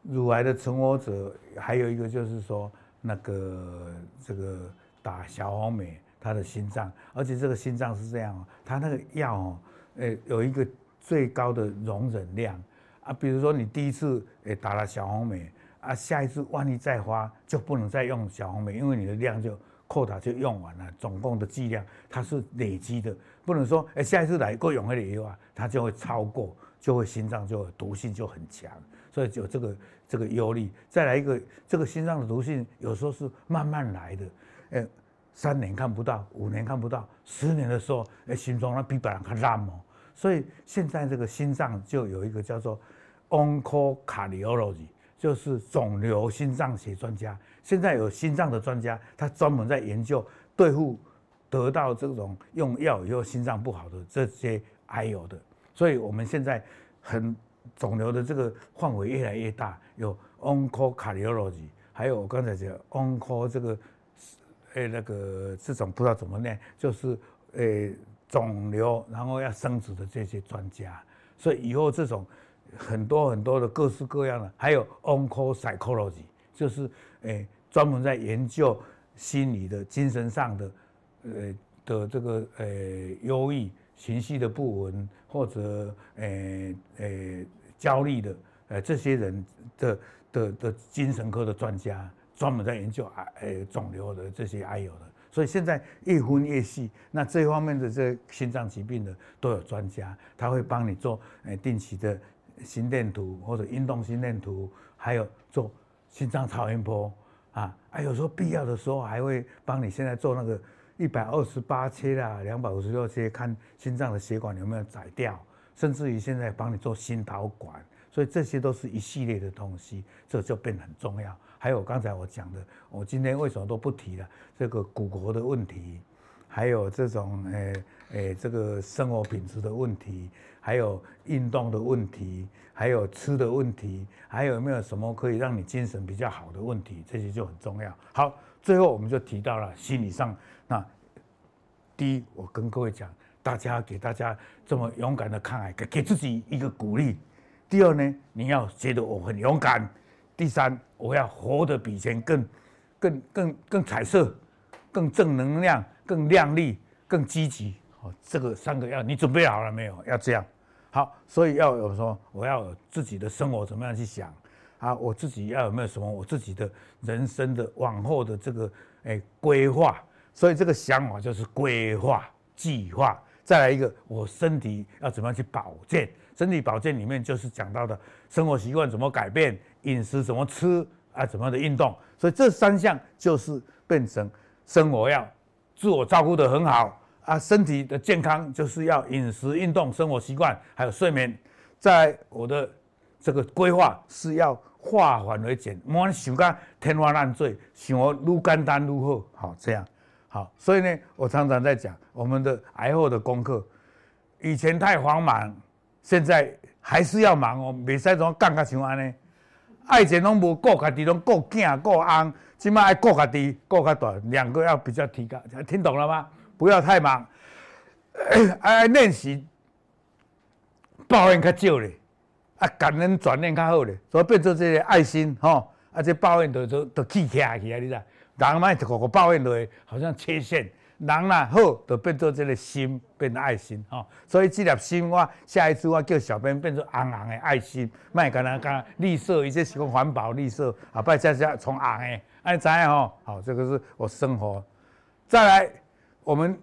乳癌的存活者，還有一個就是說。那個這個打小紅莓，他的心臟，而且這個心臟是這樣，他那個藥哦，誒有一個最高的容忍量啊，比如說你第一次誒打了小紅莓啊，下一次萬一再發，就不能再用小紅莓，因為你的量就扣打就用完了，總共的劑量它是累積的，不能說誒下一次來過永和以後啊，它就會超過，就會心臟就會毒性就很強。所以有這個這個憂慮，再來一個，這個心臟的毒性有時候是慢慢來的，哎，三年看不到，五年看不到，十年的時候，哎，心臟那比別人還爛哦。所以現在這個心臟就有一個叫做，onco-cardiology 就是腫瘤心臟學專家。現在有心臟的專家，他專門在研究對付得到這種用藥以後心臟不好的這些癌友的。所以我們現在很。腫瘤的這個範圍越來越大，有 oncocardiology，還有我剛才講 onc、嗯、這個，誒、欸、那個這種不知道怎麼念，就是誒腫、欸、瘤然後要生殖的這些專家，所以以後這種很多很多的各式各樣的，還有 oncopsychology，就是誒專、欸、門在研究心理的精神上的，呃、欸、的這個呃憂鬱情緒的不穩或者誒誒，欸欸焦慮的，呃，這些人的的的精神科的專家，專門在研究癌、欸欸，腫瘤的這些癌友的，所以現在越分越細，那這方面的這心臟疾病的都有專家，他會幫你做、欸，定期的心電圖或者運動心電圖，還有做心臟超音波啊，啊，有時候必要的時候還會幫你現在做那個一百二十八切啦，兩百五十六切，看心臟的血管有沒有窄掉。甚至於現在幫你做心導管，所以這些都是一系列的東西，這就變得很重要。還有剛才我講的，我今天為什麼都不提了？這個骨骼的問題，還有這種誒誒，這個生活品質的問題，還有運動的問題，還有吃的問題，還有有沒有什麼可以讓你精神比較好的問題，這些就很重要。好，最後我們就提到了心理上。那第一，我跟各位講。大家給大家這麼勇敢的抗癌，給給自己一個鼓勵。第二呢，你要覺得我很勇敢。第三，我要活得比以前更、更、更、更彩色，更正能量，更亮麗，更積極。哦，這個三個要你準備好了沒有？要這樣。好，所以要有說我要自己的生活怎麼樣去想啊？我自己要有沒有什麼？我自己的人生的往後的這個哎規劃。所以這個想法就是規劃計劃。再來一個，我身體要怎麼樣去保健？身體保健裡面就是講到的，生活習慣怎麼改變，飲食怎麼吃啊，怎麼樣的運動？所以這三項就是變成生活要自我照顧得很好啊，身體的健康就是要飲食、運動、生活習慣還有睡眠。在我的這個規劃是要化繁為簡，莫想天花亂墜，想我如簡單如何好,好這樣。好，所以呢，我常常在講 我們的癌後的功課，以前太繁忙，現在還是要忙哦。每三種干，噶像安尼，愛情攏無顧，家己攏顧囝、顧翁，即擺愛顧家己、顧較大，兩個要比較提高，聽懂了嗎？不要太忙，哎，練習抱怨較少的啊，感恩轉念較好咧，所以變做這個愛心吼，啊，啊，這抱怨都都都去掉去啊，你知？人賣一個個抱怨落去，好像缺陷。人啦、啊、好，就變做這個心，變成愛心吼、哦。所以這粒心，我下一次我叫小編變做紅紅誒愛心，賣、嗯、甲人講綠色，以前是講環保綠色，啊，不，再再從紅誒，啊，你知吼、哦？好，這個是我生活。再來，我們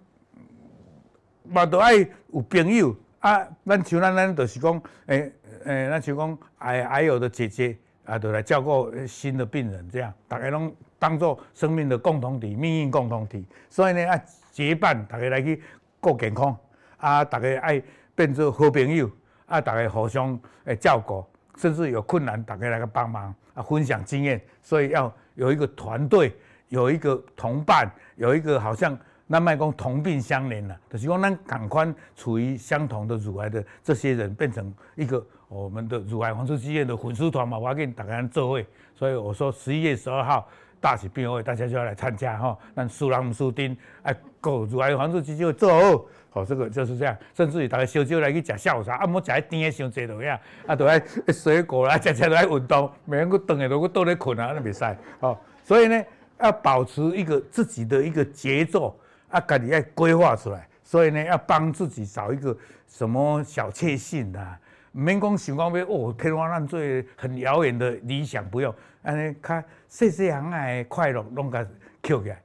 嘛都愛有朋友啊，咱像咱咱就是講，誒、欸、誒，咱、欸、像講，還還有的姐姐啊，都來照顧新的病人，這樣大家攏。當作生命的共同體、命運共同體，所以呢，愛結伴，大家來去顧健康啊，大家愛變成好朋友啊，大家互相誒照顧，甚至有困難，大家來去幫忙啊，分享經驗。所以要有一個團隊，有一個同伴，有一個好像咱莫講同病相憐了，就是講那港寬處於相同的乳癌的這些人，變成一個我們的乳癌防治基金會的粉絲團嘛，我要跟大家做位。所以我說十一月十二號。大起變壞，大家就要來參加吼、哦，咱輸人唔輸陣啊，各如來黃厝啤酒走，吼、哦，這個就是這樣。甚至於大家燒酒來去食下午茶，啊，莫食喺甜嘅上濟度呀，啊，度喺水果啦，食食度喺運動，免講佫頓下度佫倒咧困啊，安尼袂使，吼、哦。所以呢，要保持一個自己的一個節奏，啊，家己要規劃出來。所以呢，要幫自己找一個什麼小確幸啊。唔免講想講要哦天花亂墜很遙遠的理想，不用安尼，較細細項仔快樂攏甲撿起來，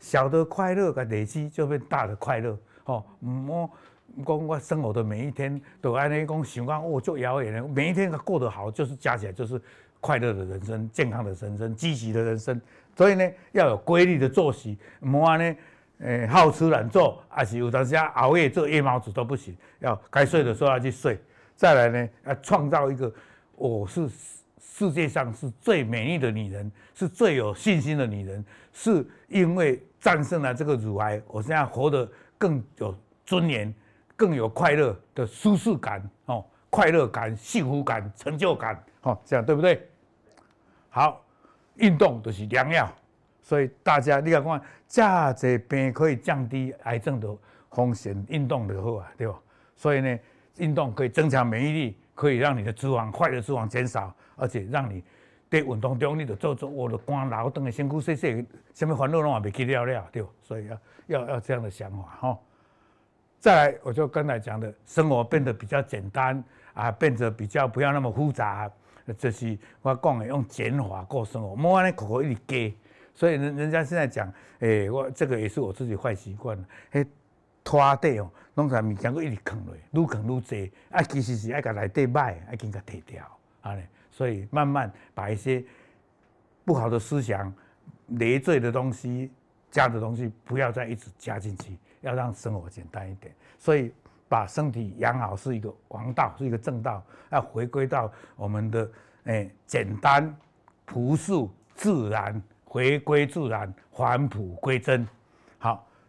小的快樂甲累積，就變大的快樂。吼、哦，唔好講我生活的每一天都安尼講想講哦足遙遠嘞，每一天過得好就是加起來就是快樂的人生、健康的人生、積極的人生。所以呢，要有規律的作息，莫安呢，誒、欸、好吃懶做，還是有陣時啊熬夜做夜貓子都不行，要該睡的時候要去睡。再來呢，要創造一個，哦，我是世界上是最美麗的女人，是最有信心的女人，是因為戰勝了這個乳癌，我現在活得更有尊嚴，更有快樂的舒適感哦，快樂感、幸福感、成就感哦，這樣對不對？好，運動就是良藥，所以大家你看，看，這樣子便可以降低癌症的風險，運動的時候啊，對吧？所以呢，運動可以增強免疫力，可以讓你的脂肪、壞的脂肪減少，而且讓你對運動中，你的做做我的光勞動的辛苦碎碎，什麼煩惱攏還沒去聊聊，對不？所以要要要這樣的想法哈。再來，我就剛才講的，生活變得比較簡單啊，變得比較不要那麼複雜，這是我講的用減法過生活，莫安尼苦苦一哩雞。所以人人家現在講，哎、欸，我這個也是我自己壞習慣，哎、欸。拖地哦，弄台物件，佮一直藏落，越啃越儕。啊，其實是愛甲內底買，愛緊甲摕掉，安尼。所以慢慢把一些不好的思想、累贅的東西、加的東西，不要再一直加進去，要讓生活簡單一點。所以把身體養好是一個王道，是一個正道，要回歸到我們的誒、欸、簡單、樸素、自然，回歸自然，返璞歸真。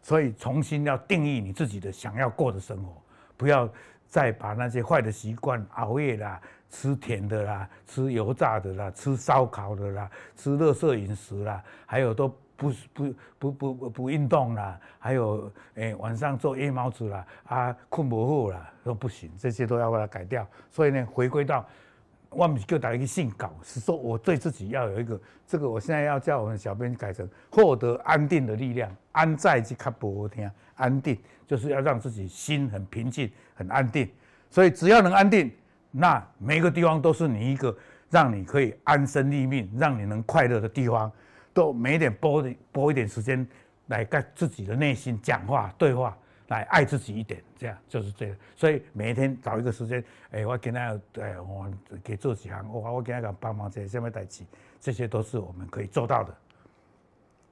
所以重新要定義你自己的想要過的生活，不要再把那些壞的習慣，熬夜啦，吃甜的啦，吃油炸的啦，吃燒烤的啦，吃垃圾飲食啦，還有都不不不不不不運動啦，還有誒、欸、晚上做夜貓子啦，啊困不著啦都不行，這些都要把它改掉。所以呢，回歸到。我們就打一個信稿，是說我對自己要有一個這個，我現在要叫我們小編改成獲得安定的力量，安在即刻播，我聽安定就是要讓自己心很平靜、很安定。所以只要能安定，那每個地方都是你一個讓你可以安身立命、讓你能快樂的地方。都每一點播播一點時間來跟自己的內心講話、對話。來愛自己一點，這樣就是這樣、個。所以每天找一個時間，誒，我跟他，誒，我給做幾行，我我跟他講幫忙做什麼代志，這些都是我們可以做到的。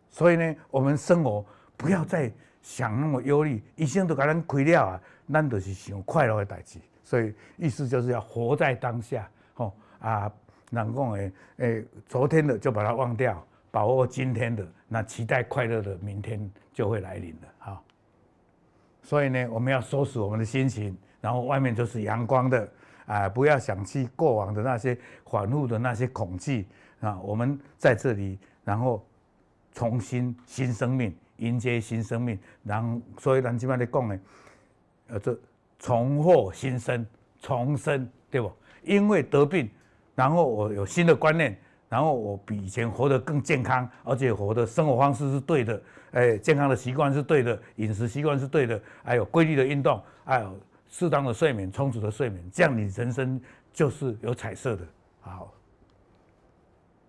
所以呢，我們生活不要再想那麼憂慮，一生都給咱虧掉啊。咱就是想快樂的代志。所以意思就是要活在當下，吼啊！人講的，誒，昨天的就把它忘掉，把握今天的，那期待快樂的明天就會來臨了，哈、哦。所以呢，我們要收拾我們的心情，然後外面就是陽光的，啊、呃，不要想起過往的那些反覆的那些恐懼啊。我們在這裡，然後重新新生命，迎接新生命。然後，所以咱今麥你講呢，呃，這重獲新生，重生，對吧？因為得病，然後我有新的觀念。然後我比以前活得更健康，而且活的生活方式是對的，哎，健康的習慣是對的，飲食習慣是對的，還有規律的運動，還有適當的睡眠，充足的睡眠，這樣你人生就是有彩色的。好，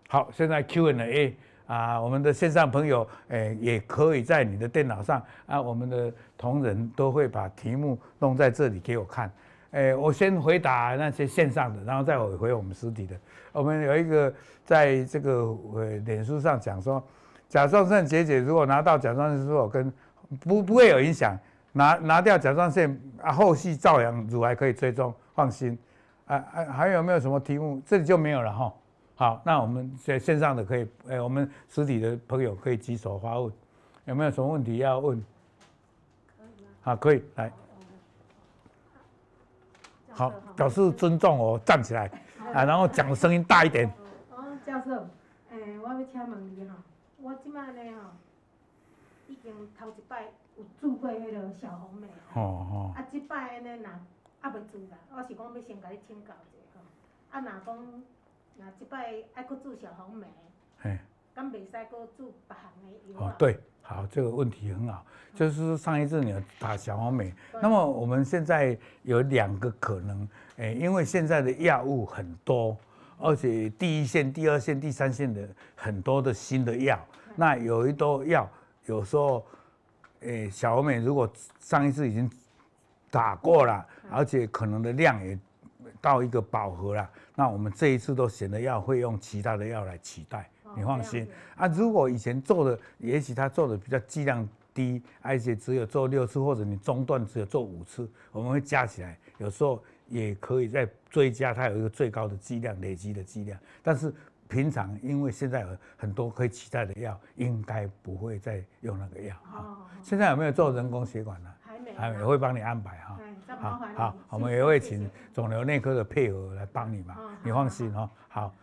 好，現在 Q&A 啊，我們的線上朋友，哎，也可以在你的電腦上啊，我們的同仁都會把題目弄在這裡給我看。哎，我先回答那些線上的，然後再回回我們實體的。我們有一個在這個呃，臉書上講說，甲狀腺結節如果拿到甲狀腺之後跟不不會有影響，拿拿掉甲狀腺啊，後續照樣乳癌可以追蹤，放心。啊，啊還有沒有什麼題目？這裡就沒有了哈、哦。好，那我們線線上的可以，哎，我們實體的朋友可以舉手發問，有沒有什麼問題要問？可以嗎？好，可以，來。好，表示尊重哦，我站起來啊，然後講的聲音大一點。哦，教授，誒、欸，我要請問你哈，我即擺呢吼，已經頭一擺有注過迄個小紅莓哦，哦，啊，即擺安尼吶，還未注啦，我是講要先甲你請教一下，啊，若講若即擺要擱注小紅莓，嘿。白哦，對，好，這個問題很好。嗯、就是上一次你有打小紅莓。嗯，那麼我們現在有兩個可能，誒、欸，因為現在的藥物很多。嗯，而且第一線、第二線、第三線的很多的新的藥。嗯，那有一多藥，有時候，誒、欸，小紅莓，如果上一次已經打過了，嗯嗯、而且可能的量也到一個飽和了，那我們這一次都選的藥，會用其他的藥來取代。你放心啊，如果以前做的，也許他做的比較劑量低，而且只有做六次，或者你中斷只有做五次，我們會加起來，有時候也可以再追加，它有一個最高的劑量累積的劑量。但是平常因為現在有很多可以替代的藥，應該不會再用那個藥哈，現在有沒有做人工血管呢啊？還沒有，會幫你安排哈啊。好，我們也會請腫瘤內科的配合來幫你嘛。你放心哦啊，好。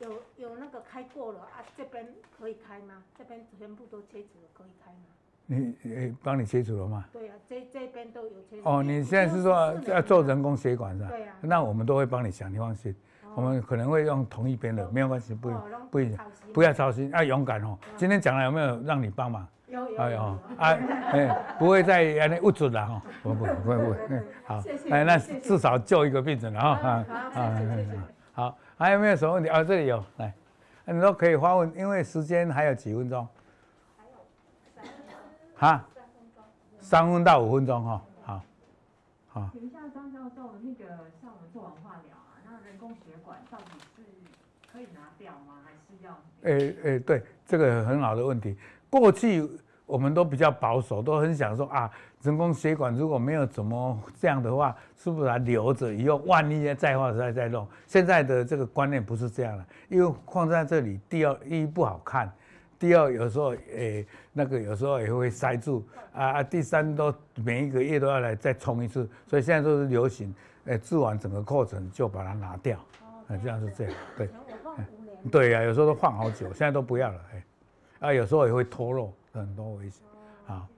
有有那個開過了啊，這邊可以開嗎？這邊全部都切除了，可以開嗎？你誒，幫、欸、你切除了嗎？對啊，這這邊都有切除了。哦，你現在是說要做人工血管是吧？對啊。那我們都會幫你想，你放心、哦，我們可能會用同一邊的，哦、沒有關係，不用不，用、哦、不要操心，要、嗯啊、勇敢哦、嗯。今天講了有沒有讓你幫忙？有有，有。哎哦，啊，誒，不會再讓你誤診了哈， 不不不不，不不不不 好，謝謝，哎那至少救一個病人了哈，啊啊，好。還有沒有什麼問題？哦，這裡有，來，你都可以發問，因為時間還有幾分鐘。還有三分鐘。哈，三分鐘，三分到五分鐘哈、嗯哦。好，好。請問一下張教授，那個像我們做完化療啊，那人工血管到底是可以拿掉嗎？還是要？哎、欸、哎、欸，對，這個很好的問題。過去。我們都比較保守，都很想說啊，人工血管如果沒有怎麼這樣的話，是不是還留着以後萬一再化再再弄？現在的這個觀念不是這樣了，因為放在這裡，第二一不好看，第二有時候誒、哎、那個有時候也會塞住啊，第三都每一個月都要來再沖一次，所以現在都是流行誒、哎、治完整個過程就把它拿掉，啊，這樣是這樣，對，對呀、啊，有時候都放好久，現在都不要了，哎，啊有時候也會脫落。很多危險。好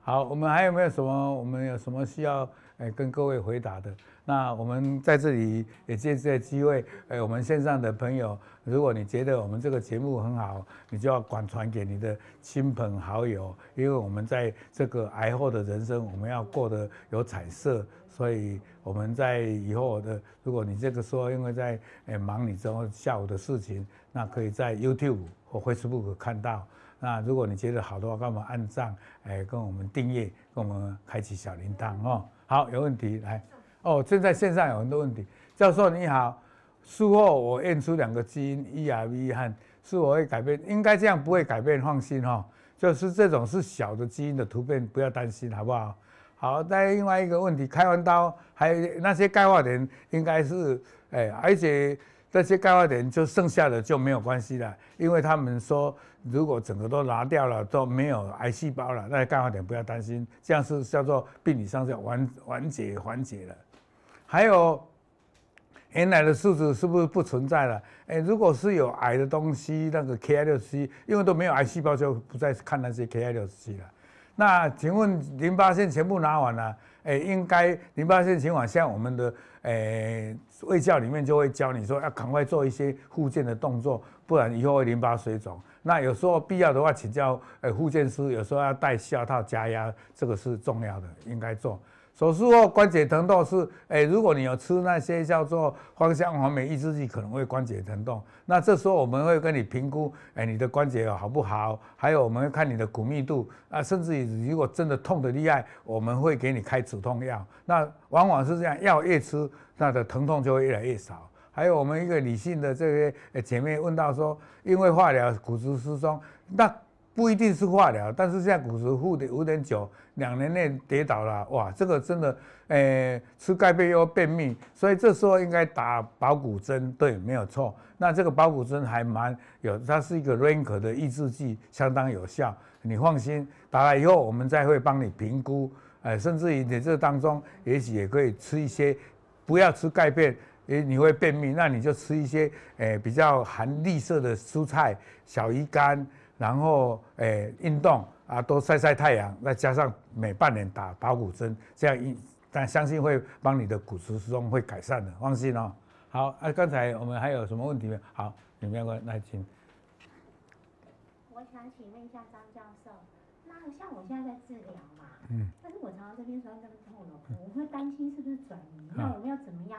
好，我們還有沒有什麼？我們有什麼需要哎，跟各位回答的？那我們在這裡也借這個機會，哎，我們線上的朋友，如果你覺得我們這個節目很好，你就要廣傳給你的親朋好友。因為我們在這個癌後的人生，我們要過得有彩色，所以我們在以後的，如果你這個時候因為在忙你之後下午的事情，那可以在 YouTube 或 Facebook 看到。那如果你覺得好的話，幫我們按讚，哎，跟我們訂閱，跟我們開啟小鈴鐺哦。好，有問題來哦，正在線上有很多問題。教授你好，術後我驗出兩個基因 ERV 和，是否會改變？應該這樣不會改變，放心哦。就是這種是小的基因的突變，不要擔心，好不好？好，再另外一個問題，開完刀還有那些鈣化的人應該是哎，而且？那些鈣化點就剩下的就沒有關係了，因為他們說如果整個都拿掉了，都沒有癌細胞了，那些鈣化點不要擔心，這樣是叫做病理上叫完緩解緩解了。還有原來的數字是不是不存在了？誒，如果是有癌的東西，那個 Ki67 因為都沒有癌細胞，就不再看那些 Ki67 了。那請問淋巴腺全部拿完了？誒，應該淋巴腺情況像我們的誒。衛教裡面就會教你說，要趕快做一些復健的動作，不然以後會淋巴水腫。那有時候必要的話，請教呃復健師，有時候要帶袖套加壓，這個是重要的，應該做。手術後關節疼痛是，哎，如果你有吃那些叫做芳香環酶抑制劑，可能會關節疼痛。那這時候我們會跟你評估，哎，你的關節好不好？還有，我們會看你的骨密度。啊，甚至於如果真的痛得厲害，我們會給你開止痛藥。那往往是這樣，藥越吃，那的疼痛就會越來越少。還有我們一個女性的這些姐妹問到說，因為化療骨質疏鬆，那。不一定是化療，但是現在骨折復的有點久，兩年內跌倒了，哇，這個真的，誒、欸，吃鈣片又要便秘，所以這時候應該打保骨針，對，沒有錯。那這個保骨針還蠻有，它是一個 rank 的抑制劑，相當有效。你放心，打了以後，我們再會幫你評估，誒、欸，甚至於你這當中，也許也可以吃一些，不要吃鈣片，誒、欸，你會便秘，那你就吃一些，誒、欸，比較含綠色的蔬菜，小魚乾。然後，誒、欸，運動啊，多曬曬太陽，再加上每半年打打骨針，這樣一，但相信會幫你的骨質疏鬆會改善的，放心哦。好，那、啊、剛才我們還有什麼問題沒有？好，有沒有？那請。我想請問一下張教授，那像我現在在治療嘛，嗯，但是我常常這邊說這個痛，我會擔心是不是轉移？那我們要怎麼樣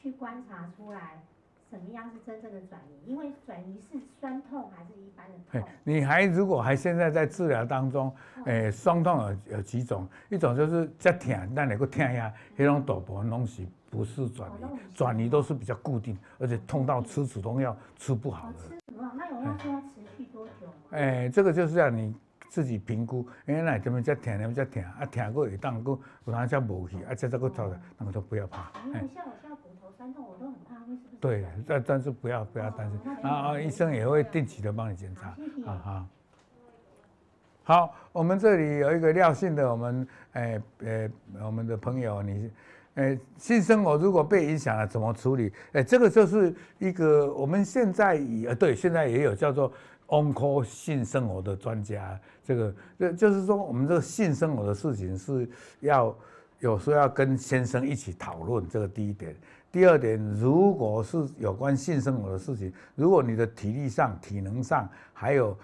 去觀察出來？怎麼樣是真正的轉移？因為轉移是酸痛還是一般的痛？Hey, 你還如果還現在在治療當中，誒、欸，酸痛有有幾種？一種就是在疼，但你去疼呀，那種抖薄東西不是轉移，轉、哦、移都是比較固定，而且痛到吃止痛藥吃不好的、哦。吃什麼？那有沒有說要持續多久？誒、hey, 欸，這個就是要你自己評估，原來怎麼叫疼，怎麼叫疼？啊，疼過一段過，然後才無去、嗯，啊，這再過頭，人、嗯、都不要怕。嗯 hey. 但是我都很怕。對，但但是不要、哦、不要擔心啊啊、哦嗯哦！醫生也會定期的幫你檢查，好、啊嗯嗯嗯、好，我們這裡有一個尿性的，我們哎哎、欸欸、我們的朋友，你哎、欸、性生活如果被影響了怎麼處理？哎、欸，這個就是一個我們現在也對，現在也有叫做 on call 性生活的專家。這個這就是說，我們這個性生活的事情是要有時候要跟先生一起討論，這個第一點。第二點，如果是有關性生活的事情，如果你的體力上、體能上，還有，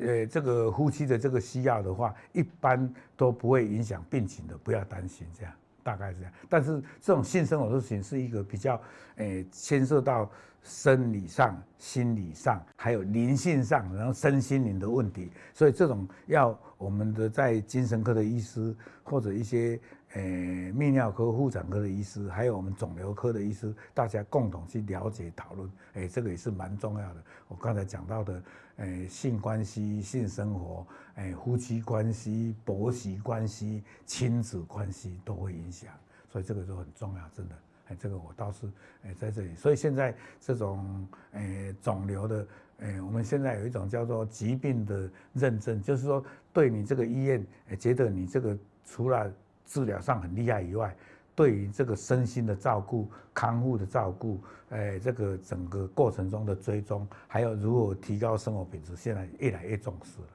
呃，這個呼吸的這個需要的話，一般都不會影響病情的，不要擔心，這樣大概是這樣。但是這種性生活的事情是一個比較，呃，牽涉到生理上、心理上，還有靈性上，然後身心靈的問題，所以這種要我們的在精神科的醫師或者一些。誒、哎，泌尿科、婦產科的醫師，還有我們腫瘤科的醫師，大家共同去了解、討論。誒、哎，這個也是蠻重要的。我剛才講到的，誒、哎，性關係、性生活，誒、哎，夫妻關係、婆媳關係、親子關係都會影響，所以這個都很重要，真的。誒、哎，這個我倒是誒、哎、在這裡。所以現在這種誒腫瘤的，誒、哎，我們現在有一種叫做疾病的認證，就是說對你這個醫院，誒、哎，覺得你這個除了治療上很厲害以外，對於這個身心的照顧、康復的照顧，哎，這個整個過程中的追蹤，還有如何提高生活品質，現在越來越重視了。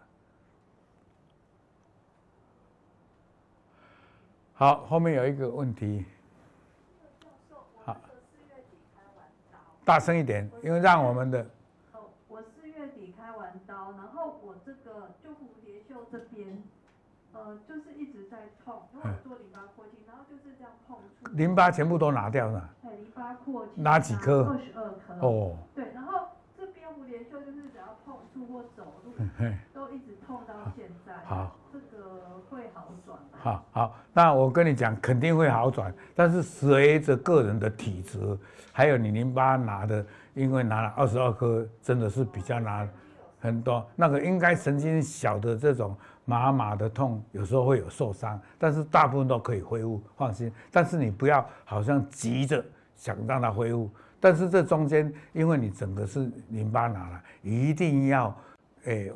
好，後面有一個問題。好，大聲一點，因為讓我們的。我四月底開完刀，然後我這個就蝴蝶袖這邊。呃，就是一直在痛，因為我做淋巴廓清，然後就是這樣碰觸。淋巴全部都拿掉了？對，淋巴廓清。拿幾顆？二十二顆。哦。對，然後這邊蝴蝶袖就是只要碰觸或走路、嗯，都一直痛到現在。好。這個會好轉、啊？好好，那我跟你講，肯定會好轉，但是隨着個人的體質，還有你淋巴拿的，因為拿了二十二顆，真的是比較拿很多。那個應該神經小的這種。麻麻的痛，有時候會有受傷，但是大部分都可以恢復，放心。但是你不要好像急着想讓它恢復，但是這中間因為你整個是淋巴拿了，一定要，哎，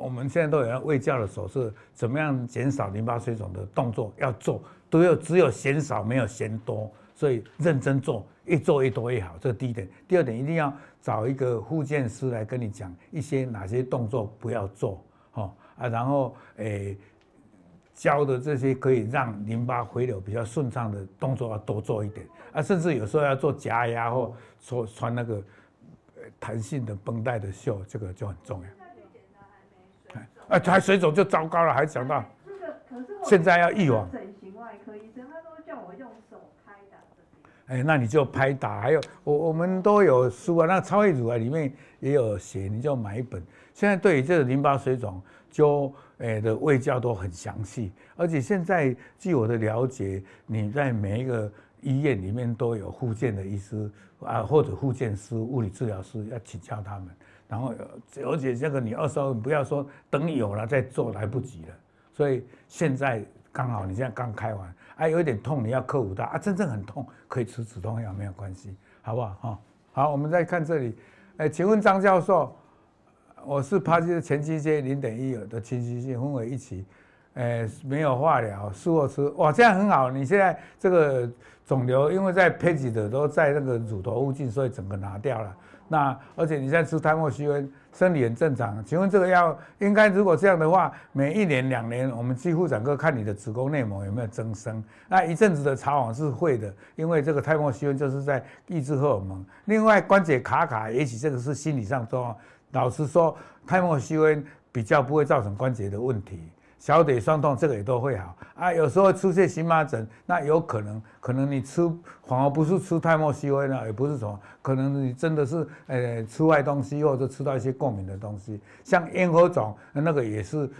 我們現在都有要衛教的手勢，怎麼樣減少淋巴水腫的動作要做，都要只有嫌少沒有嫌多，所以認真做，越做越多越好。這是第一點，第二點一定要找一個復健師來跟你講一些哪些動作不要做，哦啊，然後誒，教的這些可以讓淋巴回流比較順暢的動作要多做一點啊，甚至有時候要做加壓或做穿那個彈性的繃帶的袖，這個就很重要。啊，它水腫就糟糕了，還講到，那個可是我，現在要預防，整形外科醫生，他都叫我用手拍打。哎，那你就拍打，還有我我們都有書啊，那超微組啊裡面也有寫，你就買一本。現在對於這個淋巴水腫。就誒的衛教都很詳細，而且現在據我的了解，你在每一個醫院裡面都有復健的醫師啊，或者復健師、物理治療師，要請教他們。然後，而且這個你二十號不要說等有了再做，來不及了。所以現在剛好，你現在剛開完，啊，有點痛，你要克服它啊，真正很痛，可以吃止痛藥，沒有關係，好不好？哈，好，我們再看這裡，誒，請問張教授，我是怕就是前期些零點一有的前期性混為一起，哎，沒有化療，是我吃哇這樣很好。你現在這個腫瘤因為在 Paget 的都在那個乳頭附近，所以整個拿掉了。那而且你現在吃泰莫西芬，生理很正常。請問這個藥應該如果這樣的話，每一年兩年我們幾乎整個看你的子宮內膜有沒有增生。那一陣子的潮紅是會的，因為這個泰莫西芬就是在抑制荷爾蒙。另外關節卡卡，也許這個是心理上多。老實說，泰莫西芬比較不會造成關節的問題，小腿酸痛這個也都會好啊。有時候出現蕁麻疹，那有可能，可能你吃反而不是吃泰莫西芬了，也不是什麼，可能你真的是呃吃壞東西，或者吃到一些過敏的東西，像咽喉腫，那個也是誒、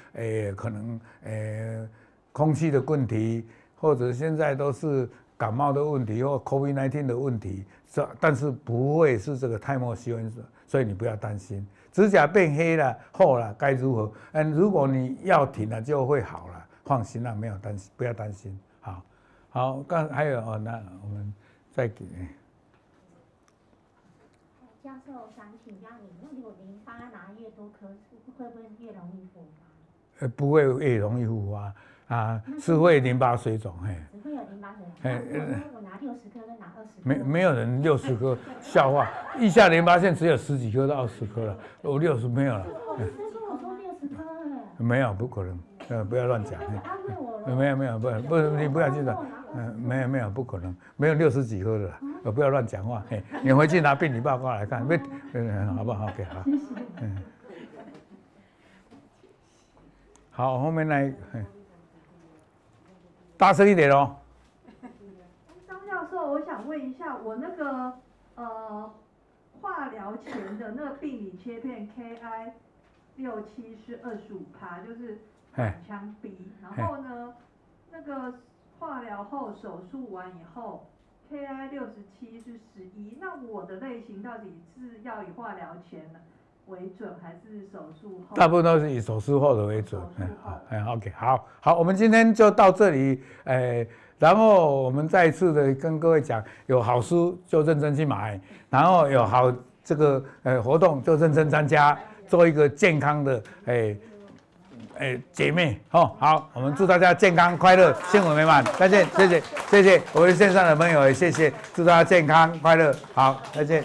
呃、可能誒、呃、空氣的問題，或者現在都是感冒的問題，或 COVID-19 的問題，這但是不會是這個泰莫西芬，所以你不要擔心。指甲變黑了、厚了，該如何？嗯，如果你要停了，就會好了，放心了、啊，沒有擔心，不要擔心。好，好，剛還有哦，那我們再給。教授想請教你，如果您，淋巴拿越多，顆會不會越容易復發？呃，不會越容易復發。啊，是會淋巴水腫，嗯，嘿，只會有淋巴水腫。我拿六十顆，再拿二十顆，沒沒有人六十顆，笑話，腋下淋巴腺只有十幾顆到二十顆了，我六十沒有了，是我說我說六十顆了？沒有，不可能，嗯、呃，不要亂講，沒、欸、有沒有，嗯、不不，不，不，你不要嗯，沒有沒有，不可能，沒有六十幾顆的，呃、啊，不要亂講話， 嘿，你回去拿病理報告來看，沒，嗯，好不好？OK， 好，嗯， 好， 好，後面那一個。大聲一點嘍！張教授，我想問一下，我那個呃化療前的那個病理切片 KI 六七是二十五趴，就是很強 B、hey.。然後呢，hey. 那個化療後手術完以後，KI 六十七是十一。那我的類型到底是要以化療前呢？為準還是手術後？大部分都是以手術後的為準。嗯，好 OK，好，好，我們今天就到這裡，呃、然後我們再一次的跟各位講，有好書就認真去買，然後有好這個、呃、活動就認真參加，做一個健康的哎哎、呃呃、姐妹哦，好，我們祝大家健康快樂，幸福美滿，再見，謝謝， 謝謝，我們線上的朋友，也謝謝，祝大家健康快樂，好，再見。